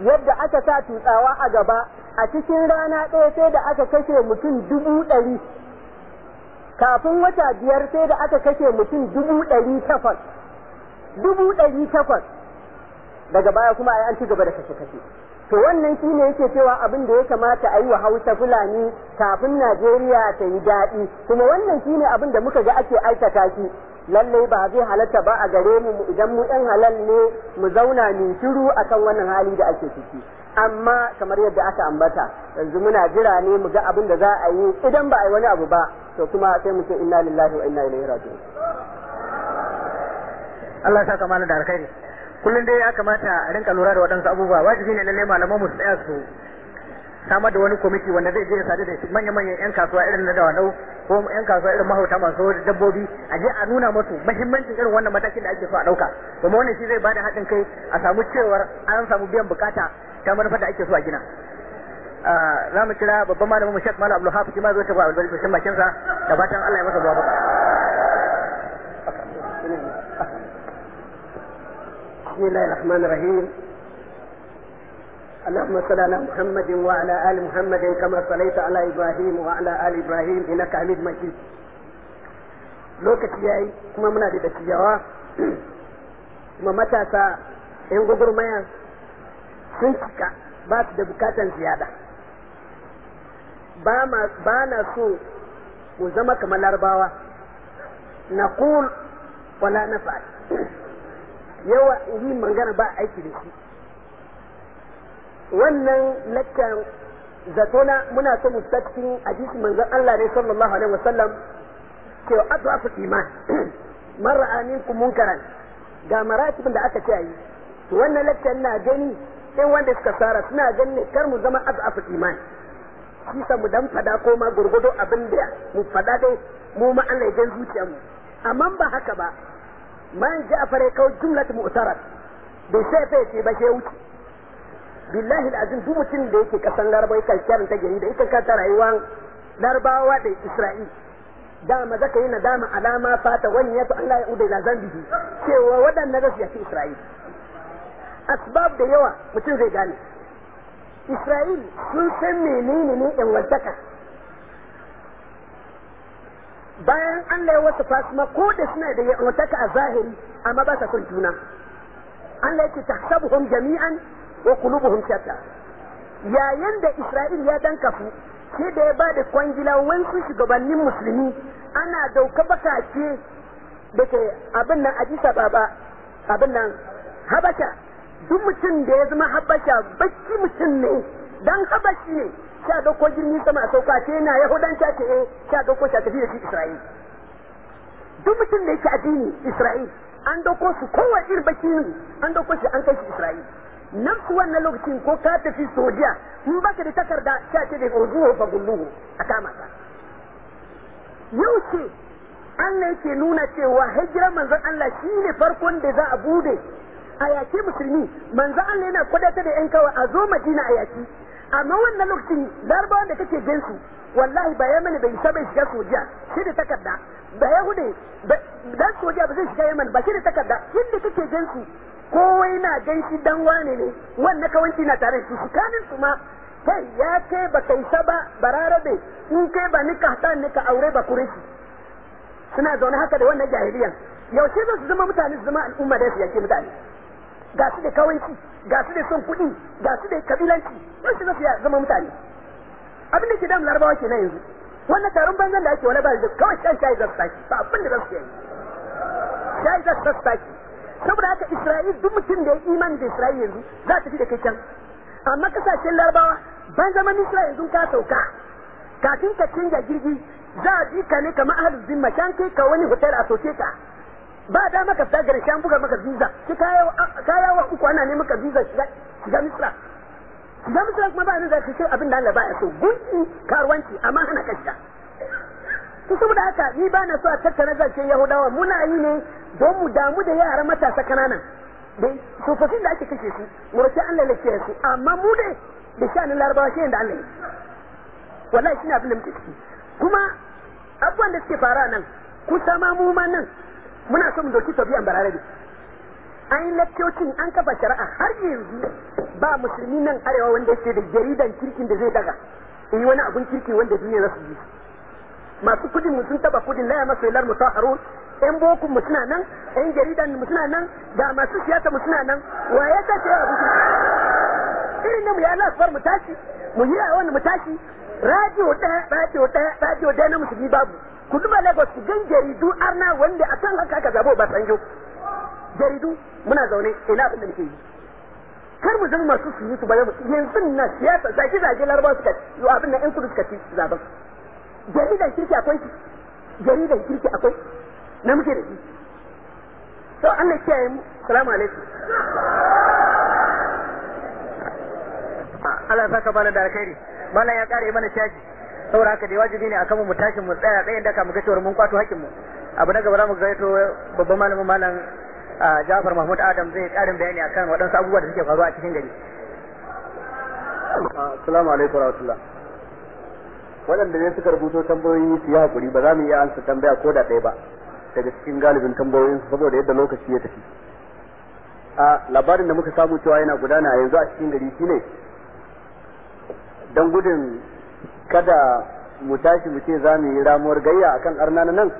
yadda aka sa tutsawa a gaba a cikin rana ɗaya sai da aka kashe mutum dubu ɗari kafin wata biyar sai da aka kashe mutum dubu ɗari takwas dubu ɗari takwas daga baya kuma a yi an ci gaba da kashe-kashe to wannan shi ne yake cewa abin da ya kamata a yi wa hausa fulani kafin najeriya ta yi daɗi kuma wannan shi ne abin da muka ga ake aikata shi lallai ba zai halatta ba a gare mu idan mu ɗan halal ne mu zauna mu shiru a kan wannan hali da ake ciki amma kamar yadda aka ambata yanzu muna jira ne mu ga abin da za a yi idan ba a yi wani abu ba to kuma sai mu ce inna lillahi wa inna ilaihi raji'un Allah ya saka mana da alkhairi kullum dai ya kamata a rinka lura da waɗansu abubuwa wajibi ne lalle malaman mu tsaya su samar da wani kwamiti wanda zai je ya sadu da manya-manyan 'yan kasuwa irin na dawanau ko 'yan kasuwa irin mahauta masu dabbobi a je a nuna musu mahimmancin irin wannan matakin da ake so a ɗauka kuma wannan shi zai bada haɗin kai a samu cewar an samu biyan bukata ta manufar da ake so a gina za mu kira babban malamin mu shek Malam Abdulhaf shi ma zai tafi albarbishin bakin sa da fatan Allah ya masa zuwa بسم الله الرحمن الرحيم اللهم صل على محمد وعلى ال محمد كما صليت على ابراهيم وعلى ال ابراهيم انك حميد مجيد lokaci yayi kuma muna da dattijawa kuma matasa yan gwagwarmaya sun cika ba su da bukatan ziyara ba na so mu zama kamar larabawa na kul wala na fa'al yawa yi magana ba aiki da shi wannan lakkan zatona muna so mu sattin hadisi manzon Allah ne sallallahu alaihi wasallam cewa adwafu iman man ra'a minkum munkaran ga maratibin da aka ce yi wannan lakkan na gani in wanda suka tsara suna ganin kar mu zama adwafu iman shi mu dan fada ko ma gurgudo abin da mu fada dai mu ma Allah ya mu zuciyarmu amma ba haka ba man ja'far ya kawo jumlat mu'tarar bai sai fa ce ba ya wuce billahi alazim duk mutum da yake kasan larabawa yake gari da ita karanta rayuwar larabawa da isra'il dama zaka yi nadama alama fata wani yato Allah ya ude la zambihi cewa waɗannan za yafi isra'il asbab da yawa mutum zai gane isra'il sun san menene ne yan wantaka bayan Allah ya wasu fasima ko da suna da wataka a zahiri amma ba sa son juna Allah yake tahsabuhum jami'an wa qulubuhum shatta yayin da Isra'il ya dankafu sai da ya ba da kwangila wasu shugabannin musulmi ana dauka bakake da ke abin nan ajisa baba abin nan habasha duk mutum da ya zama habasha bakki mutum ne dan habashi ne sha dauko jirgin sama a sauka ce na yahudanci ce eh sha dauko shi a tafi da shi isra'il duk mutum da yake addini isra'il an dauko su kowa irin baki ne an dauko shi an kai shi isra'il nan ku wannan lokacin ko ka tafi sojiya in baka da takarda sha ce da urduhu fa gulluhu a kama ka yau ce Allah yake nuna cewa hijira manzon Allah shine farkon da za a bude a yaki musulmi manzon Allah yana kwadata da yan kawai a zo Madina a yaki amma wannan lokacin darbawan da kake gan su wallahi ba yaman bai isa bai shiga sojiya shi da takarda ba ya hude, dan sojiya ba zai shiga yaman ba shi da takarda yadda kake gan su kowai na gan shi dan wane ne wannan kawanci na tare su su kanin su ma kai ya kai ba kai sa ba bararabe in kai ba ni ka ni ka aure ba kurishi suna zaune haka da wannan jahiliyan yaushe za su zama mutane su zama al'umma da su yake mutane ga su da kawanci ga su da son kuɗi ga su da kabilanci don su zafi zama mutane abin da ke damu larabawa ke na yanzu wannan taron banzan da ake wani ba da kawai shan shayi zafi saki ba abin da zafi yi shayi zafi saki saboda haka isra'il duk mutum da ya iman da isra'il yanzu za ta fi da kai can amma kasashen larabawa ban zama isra'il yanzu ka sauka kafin ka canja jirgi za a ji ka ne kamar ahalin zimma can kai ka wani hotel a soke ka ba da maka fita shi an buga maka visa ki kayawa uku ana neman ka visa shiga misra shiga misra kuma ba ni da shi abin da Allah ba ya so gunki karuwanci amma hana ka shiga to saboda haka ni ba na so a tattara zance yahudawa muna yi ne don mu damu da yara matasa kananan da tsofaffin da ake kashe su wace Allah lafiya su amma mu ne da nan larabawa shi da Allah wallahi shi ne abin da muke ciki kuma abubuwan da suke fara nan kusa ma mu ma nan muna so mu dauki tabi'an bararabe an yi lakkocin an kafa shari'a har yanzu ba musulmi nan arewa wanda yake da jaridan kirkin da zai daga in yi wani abun kirki wanda duniya za su ji masu kudin mu sun taba kudin laya masu ilar musaharu yan bokun mu suna nan yan jaridan mu suna nan da masu siyasa mu suna nan wa ya ce abu abin irin nan ya Allah far mu tashi mu yi a wani mu tashi radio ta radio ta radio da na musulmi babu ku duba Lagos ku gan jaridu arna wanda a kan haka aka zabo Basanjo jaridu muna zaune ina abin da muke yi kar mu zama masu su bayan yanzu na siyasa zaki zaki larabawa suka yi abin da yan kudu suka ci zaben jaridan kirki akwai jaridan kirki akwai na muke da shi to Allah kiyaye mu salamu alaikum Allah saka bana da alkhairi mallan ya kare mana caji saboda haka dai wajibi ne akan mu tashi mu tsaya tsayin daka mu ga cewa mun kwato hakkin mu abu na gaba za mu ga to babban malamin malam Jafar Mahmud Adam zai karin bayani akan waɗansu abubuwa da suke faruwa a cikin gari Assalamu alaikum warahmatullah waɗanda ne suka rubuto tambayoyi su yi hakuri ba za mu iya ansa tambaya ko da ɗaya ba daga cikin galibin tambayoyin su saboda yadda lokaci ya tafi a labarin da muka samu cewa yana gudana yanzu a cikin gari shine dan gudun kada mu tashi mu ce za mu yi ramuwar gayya akan arna na nan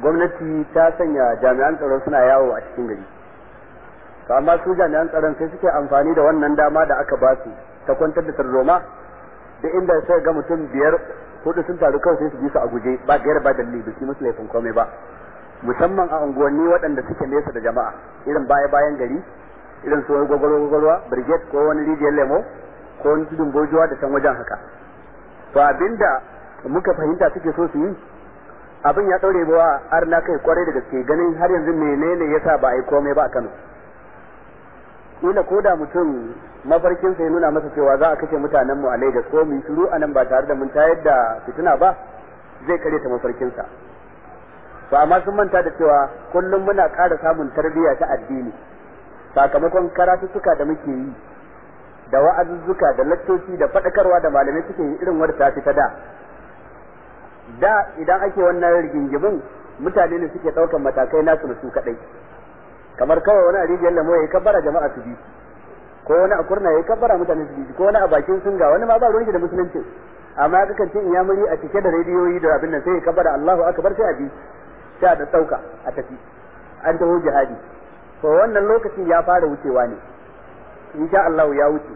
gwamnati ta sanya jami'an tsaro suna yawo a cikin gari to amma su jami'an tsaron sai suke amfani da wannan dama da aka ba su ta kwantar da tarzoma da inda sai ga mutum biyar hudu sun taru kawai sai su bi a guje ba gayar ba dalili ba su musu laifin komai ba musamman a unguwanni waɗanda suke nesa da jama'a irin baya bayan gari irin su gwagwarwa brigade ko wani rijiyar lemo ko wani tudun bojuwa da can wajen haka to abinda muka fahimta suke so su yi abin ya ɗaure ba arna kai kwarai da gaske ganin har yanzu menene yasa ba a yi komai ba a Kano Ina ko da mutum mafarkin sai nuna masa cewa za a kashe mutanen mu a Lagos ko mu shiru a nan ba tare da mun tayar da fitina ba zai kare ta mafarkinsa to amma sun manta da cewa kullum muna ƙara samun tarbiyya ta addini sakamakon karatuttuka da muke yi da wa'azuzzuka da lattoci da faɗakarwa da malamai suke yi irin wadda ta fi ta da da idan ake wannan rigingimin mutane ne suke ɗaukan matakai nasu da su kaɗai kamar kawai wani a rijiyar lamo ya yi kabbara jama'a su bi ko wani a kurna ya yi kabbara mutane su bi ko wani a bakin ga wani ma ba ruwan shi da musulunci amma ya kakan in muri a cike da rediyoyi da abin nan sai ya kabbara Allahu akbar sai a bi sai a da ɗauka a tafi an taho jihadi to wannan lokacin ya fara wucewa ne insha Allah ya wuce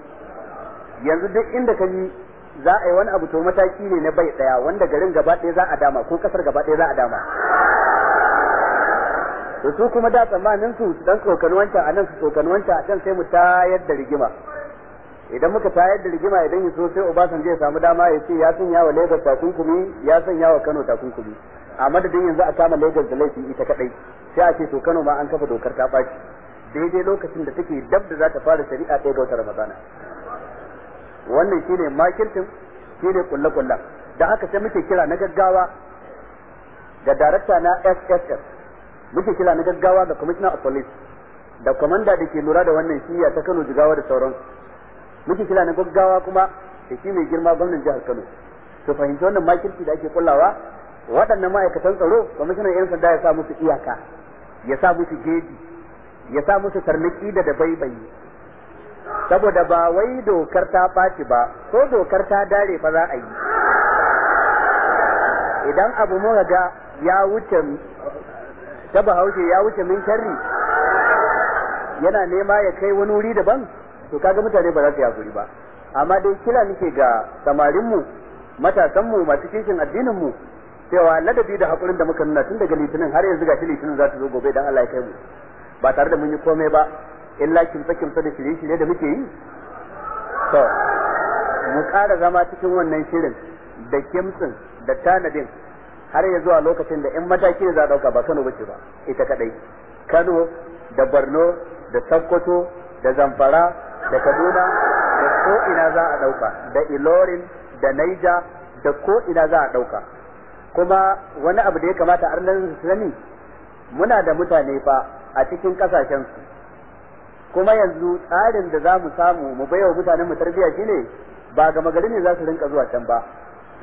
yanzu duk inda ka yi za a yi wani abu to mataki ne na bai daya wanda garin gaba ɗaya za a dama ko kasar gaba ɗaya za a dama da su kuma da tsammanin su dan tsokan wancan a nan su tsokan wancan a can sai mu tayar da rigima idan muka tayar da rigima idan ya so sai Obasanjo zai samu dama ya ce ya sanya wa Lagos takunkumi ya sanya wa Kano takunkumi a madadin yanzu a kama Lagos da laifi ita kadai sai a ce to Kano ma an kafa dokar ta ɓaci daidai lokacin da take dab da za ta fara shari'a ɗaya ga wata ramadana wannan shine makirtin shine kulle kullen da haka sai muke kira na gaggawa ga darakta na SSS muke kira na gaggawa ga commissioner of police da kwamanda da ke lura da wannan shiya ta Kano jigawa da sauran muke kira na gaggawa kuma da shi mai girma gwamnan jihar Kano su fahimci wannan makirci da ake kullawa waɗannan ma'aikatan tsaro kwamishinan 'yan sanda ya sa musu iyaka ya sa musu geji ya sa musu tarniki da dabaibayi saboda ba wai dokar ta ɓaci ba ko dokar ta dare fa za a yi idan abu mu ga ya wuce ta bahaushe ya wuce min sharri yana nema ya kai wani wuri daban to kaga mutane ba za su yakuri ba amma dai kira nake ga samarinmu matasanmu masu kishin addininmu cewa ladabi da haƙurin da muka nuna tun daga litinin har yanzu ga shi litinin za ta zo gobe dan Allah ya kai mu ba tare da mun yi komai ba illa kimsa kimsa da shirye shirye da muke yi to mu ƙara zama cikin wannan shirin da kimsin da tanadin har ya zuwa lokacin da in mataki ne za a ɗauka ba Kano bace ba ita kadai Kano da Borno da Sokoto da Zamfara da Kaduna da ko ina za a ɗauka da Ilorin da Naija da ko ina za a ɗauka kuma wani abu da ya kamata a sani muna da mutane fa a cikin kasashen kasashensu kuma yanzu tsarin da za mu samu mu baiwa mutanen mu tarbiyya shine ba ga magari ne za su rinka zuwa can ba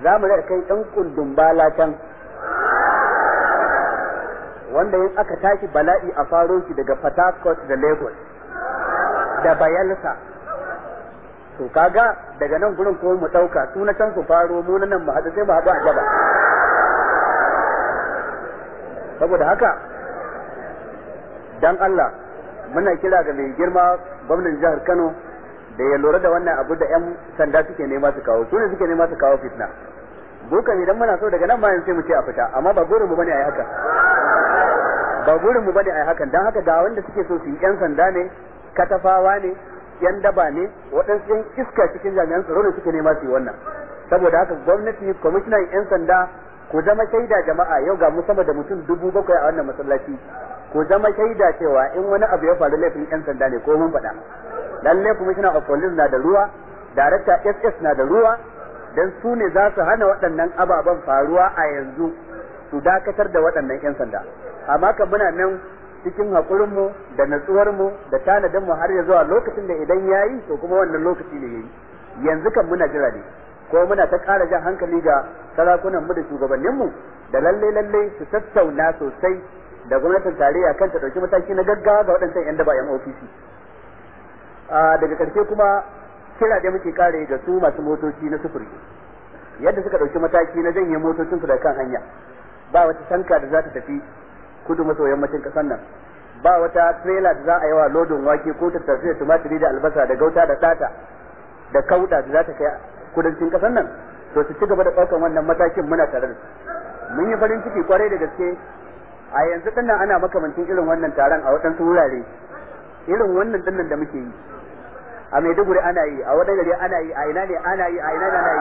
za mu rika kai ɗan kundin bala can wanda in aka tashi bala'i a faro shi daga Fatakot da Lagos da Bayelsa to kaga daga nan gurin ko mu ɗauka su na can su faro mu mu haɗu sai mu haɗu a gaba saboda haka dan Allah muna kira ga mai girma gwamnan jihar Kano da ya lura da wannan abu da ƴan sanda suke nema su kawo su ne suke nema su kawo fitna bukan idan muna so daga nan ma sai mu ce a fita amma ba gurin mu bane ai haka ba gurin mu bane ai hakan dan haka ga wanda suke so su yi ƴan sanda ne katafawa ne ƴan daba ne waɗansu ƴan iska cikin jami'an tsaro ne suke nema su yi wannan saboda haka gwamnati commissioner ƴan sanda ku zama shaida jama'a yau ga mu sama da mutum dubu bakwai a wannan masallaci ku zama shaida cewa in wani abu ya faru laifin yan sanda ne ko mun faɗa lalle commissioner of police na da ruwa director ss na da ruwa dan su ne za su hana waɗannan ababen faruwa a yanzu su dakatar da waɗannan yan sanda amma kan muna nan cikin haƙurinmu da natsuwarmu da tanadinmu har ya zuwa lokacin da idan ya yi to kuma wannan lokaci ne ya yanzu kan muna jira ne ko muna ta ƙara jan hankali ga sarakunanmu da shugabanninmu da lalle lalle su tattauna sosai da gwamnatin tarayya kan ta dauki mataki na gaggawa ga waɗansan yan daba yan ofisi a daga karshe kuma kira da muke kare ga su masu motoci na sufuri yadda suka dauki mataki na janye motocin su da kan hanya ba wata tanka da za ta tafi kudu maso yammacin kasar nan ba wata trailer da za a yi wa lodin wake ko tafi da tumatiri da albasa da gauta da tsata da kauda da za ta kai kudancin kasar nan to su ci gaba da ɗaukar wannan matakin muna tare da su mun yi farin ciki kwarai da gaske a yanzu dinnan ana makamancin irin wannan taron a waɗansu wurare irin wannan dinnan da muke yi a Maiduguri ana yi a wani gari ana yi a ina ne ana yi a ina ne ana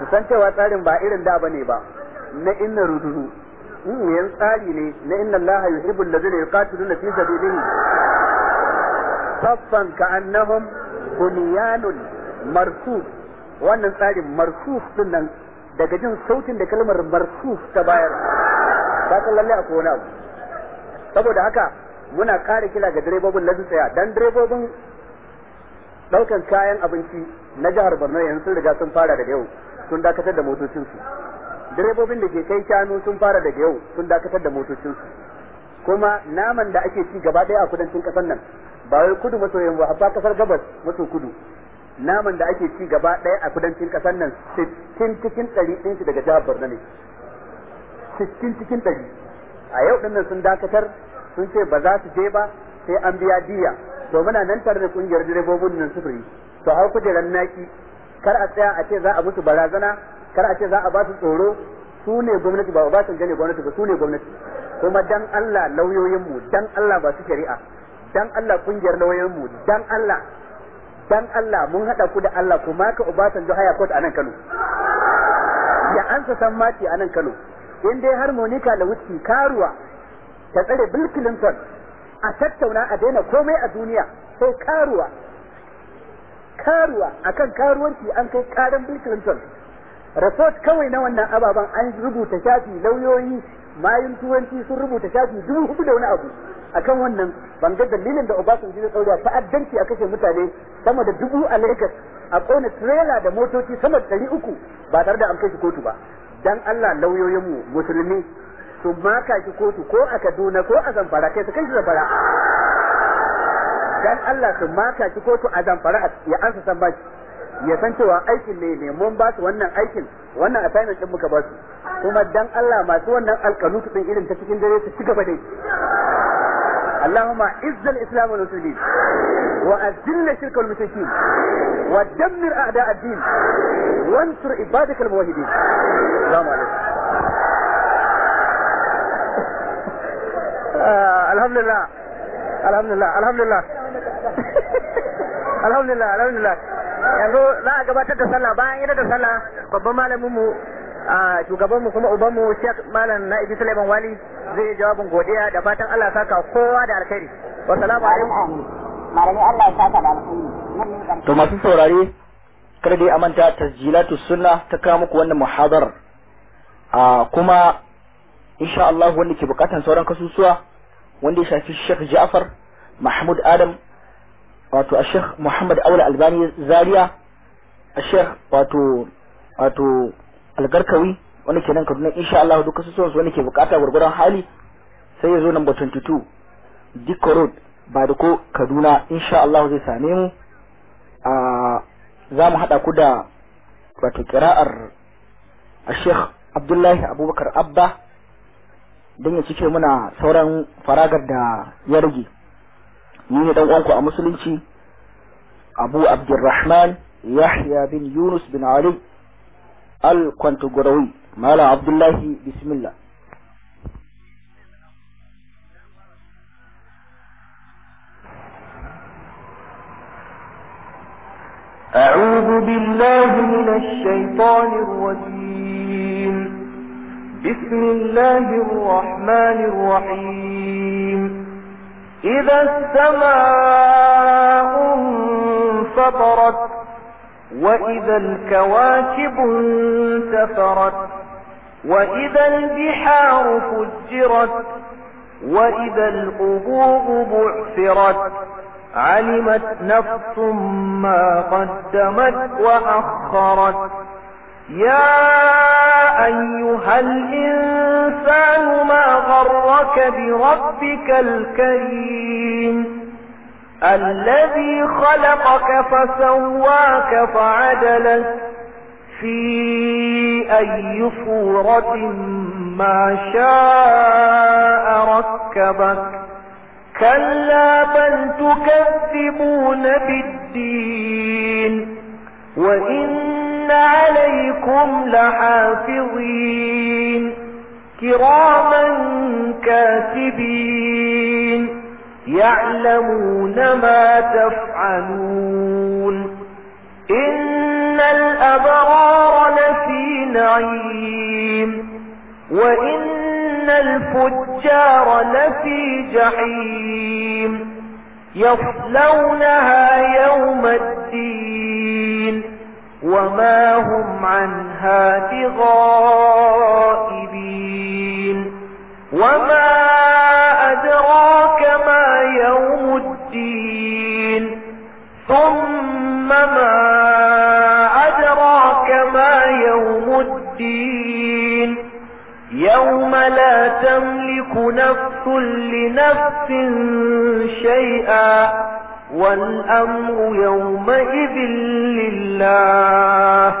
yi san cewa tsarin ba irin da bane ba na inna rududu hmm, yan tsari ne na inna Allah yuhibbul ladina yuqatiluna fi sabilihi saffan ka'annahum bunyanun markuf wannan tsarin markuf din nan daga jin sautin da kalmar marsuf ta bayar ba san lalle akwai wani abu saboda haka muna kare kila ga direbobin lasu tsaya dan direbobin daukan kayan abinci na jihar Borno yanzu sun riga sun fara daga yau sun dakatar da motocinsu direbobin da ke kai shanu sun fara daga yau sun dakatar da motocinsu kuma naman da ake ci gaba daya a kudancin kasar nan ba wai kudu maso yamma ba kasar gabas maso kudu naman da ake ci gaba ɗaya a kudancin ƙasar nan cikin cikin ɗari ɗin shi daga jihar Borno ne cikin cikin ɗari a yau ɗin sun dakatar sun ce ba za su je ba sai an biya diya to muna nan tare da kungiyar direbobin nan sufuri to har kujeran naki kar a tsaya a ce za a musu barazana kar a ce za a ba su tsoro su ne gwamnati ba ba sun gane gwamnati ba su ne gwamnati kuma dan Allah lauyoyinmu dan Allah ba su shari'a dan Allah kungiyar lauyoyinmu dan Allah dan Allah mun hada ku da Allah kuma ka Obasanjo haya court a nan Kano ya ansa san mati a nan Kano in dai har Monica Lewinsky karuwa ta tsare Bill Clinton a tattauna a daina komai a duniya sai karuwa karuwa akan karuwanci an kai karan Bill Clinton report kawai na wannan ababen an rubuta shafi lauyoyi mayun turanci sun rubuta shafi dubu hudu da wani abu a kan wannan ban ga dalilin da obasan zai daura ta'addanci a kashe mutane sama da dubu a Lagos a kone tirela da motoci sama da ɗari uku ba tare da an kai shi kotu ba dan Allah lauyoyinmu musulmi su maka shi kotu ko a Kaduna ko a Zamfara kai su kai shi Zamfara dan Allah su maka shi kotu a Zamfara ya ansa san ya san cewa aikin ne ne mun ba su wannan aikin wannan assignment din muka ba kuma dan Allah masu wannan alƙalu su din irin ta cikin dare su cigaba da yi Allahumma izza al-islam wal muslimin wa shirka wal mushrikin wa dammir a'da ad-din wa ansur ibadak al muwahhidin salam ah, alhamdulillah alhamdulillah alhamdulillah yanzu za a gabatar da sallah bayan yadda da sallah babban malamin mu a shugaban mu kuma uban mu Sheikh Malam Na'ibi Sulaiman Wali zai yi jawabin godiya da fatan Allah saka kowa da alkhairi wa salamu alaikum malami Allah ya saka da alkhairi to masu saurare kada dai amanta tasjilatu sunna ta kawo muku wannan muhadar a kuma insha Allah wanda ke bukatan sauran kasusuwa wanda ya shafi Sheikh Ja'far Mahmud Adam wato a sheikh muhammad aula albani zaria a sheikh wato wato algarkawi wani ke nan kaduna insha Allah duka su wani ke bukata gurguran hali sai ya zo number 22 Dikko Road ko Kaduna insha Allah zai same mu a za mu hada ku da wato kira'ar Sheikh Abdullahi Abubakar Abba don ya cike muna sauran faragar da ya rage ni ne dan uwanku a musulunci Abu Abdurrahman Yahya bin Yunus bin Ali al-Kwantogorowi Malam Abdullahi bismillah أعوذ بالله من الشيطان الرجيم بسم الله الرحمن الرحيم إذا السماء انفطرت وإذا الكواكب انتفرت وإذا البحار فجرت وإذا القبور بعثرت علمت نفس ما قدمت وأخرت يا أيها الإنسان ما غرك بربك الكريم الذي خلقك فسواك فعدلك في أي صورة ما شاء ركبك كلا بل تكذبون بالدين وإن عليكم لحافظين كراما كاتبين يعلمون ما تفعلون إن الأبرار لفي نعيم وإن الفجار لفي جحيم يصلونها يوم الدين وما هم عنها بغائبين وما أدراك ما يوم الدين ثم ما أدراك ما يوم الدين يوم لا تملك نفس لنفس شيئا والأمر يومئذ لله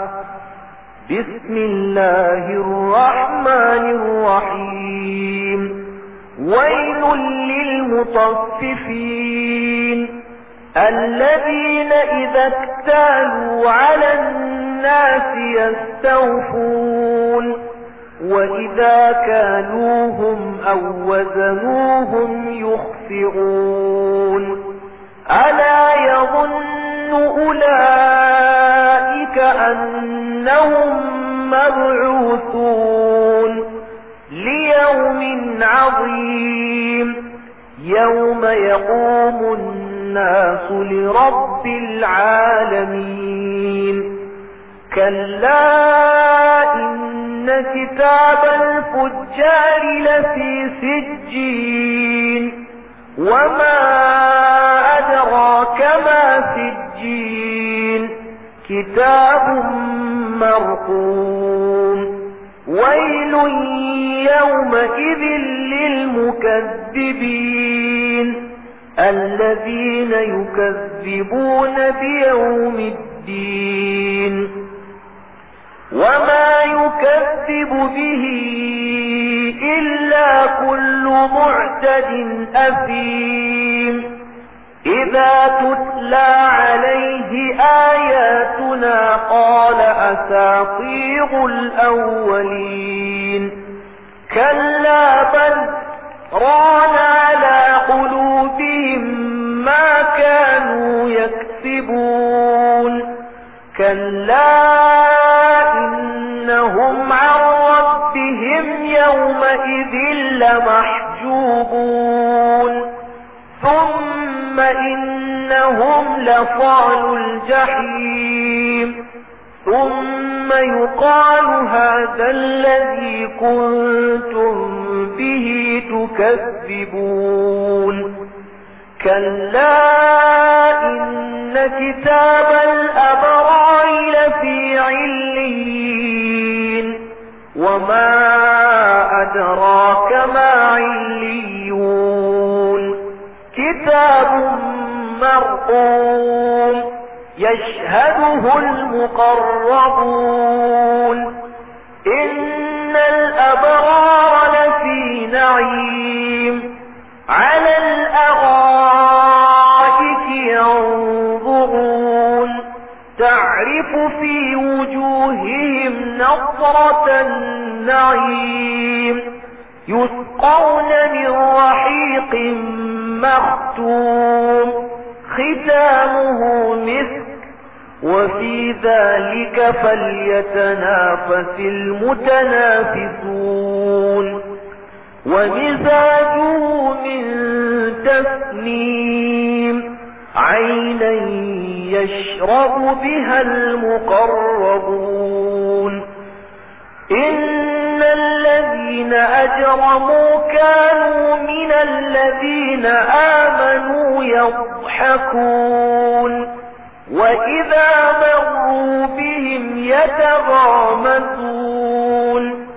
بسم الله الرحمن الرحيم ويل للمطففين الذين إذا اكتالوا على الناس يستوفون وإذا كانوهم أو وزنوهم يخفعون ألا يظن أولئك أنهم مبعوثون ليوم عظيم يوم يقوم الناس لرب العالمين كلا إن كتاب الفجار لفي سجين وما أدراك ما سجين كتاب مرقوم ويل يومئذ للمكذبين الذين يكذبون بيوم الدين وما يكذب به إلا كل معتد أثيم إذا تتلى عليه آياتنا قال أساطير الأولين كلا بل ران على قلوبهم ما كانوا يكسبون كلا إنهم عن ربهم يومئذ لمحجوبون ثم إنهم لصال الجحيم ثم يقال هذا الذي كنتم به تكذبون كلا إن كتاب الأبرار لفي عليين وما أدراك ما عليون كتاب مرقوم يشهده المقربون إن الأبرار لفي نعيم على الأغائك ينظرون تعرف في وجوههم نظرة النعيم يسقون من رحيق مختوم ختامه مسك وفي ذلك فليتنافس المتنافسون ومزاجه من تسنيم عينا يشرب بها المقربون إن الذين أجرموا كانوا من الذين آمنوا يضحكون وإذا مروا بهم يتغامتون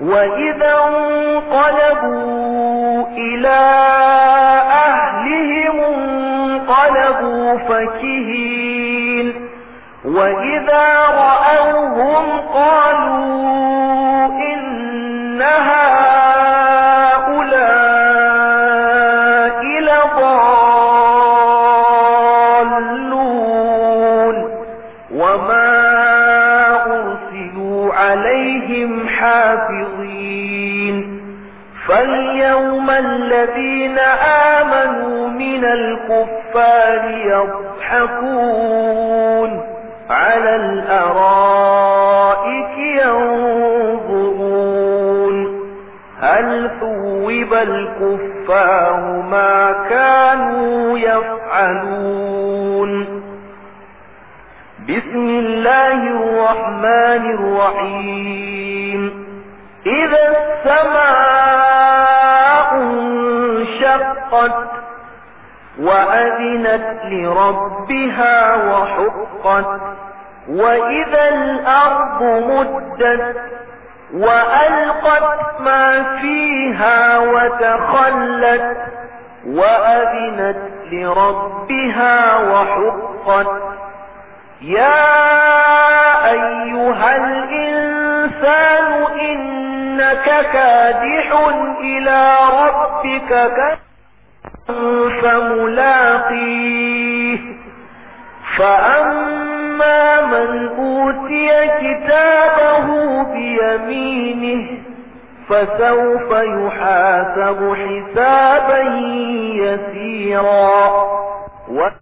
وإذا انقلبوا إلى أهلهم انقلبوا فكهين وإذا رأوهم قالوا إن هؤلاء لضالون وما أرسلوا عليهم حافظين فاليوم الذين آمنوا من الكفار يضحكون على الأرائك ينظرون هل ثوب الكفار ما كانوا يفعلون بسم الله الرحمن الرحيم إذا السماء انشقت وأذنت لربها وحقت وإذا الأرض مدت وألقت ما فيها وتخلت وأذنت لربها وحقت يا أيها الإنسان إنك كادح إلى ربك كادح فملاقيه فأما أما من أوتي كتابه بيمينه فسوف يحاسب حسابا يسيرا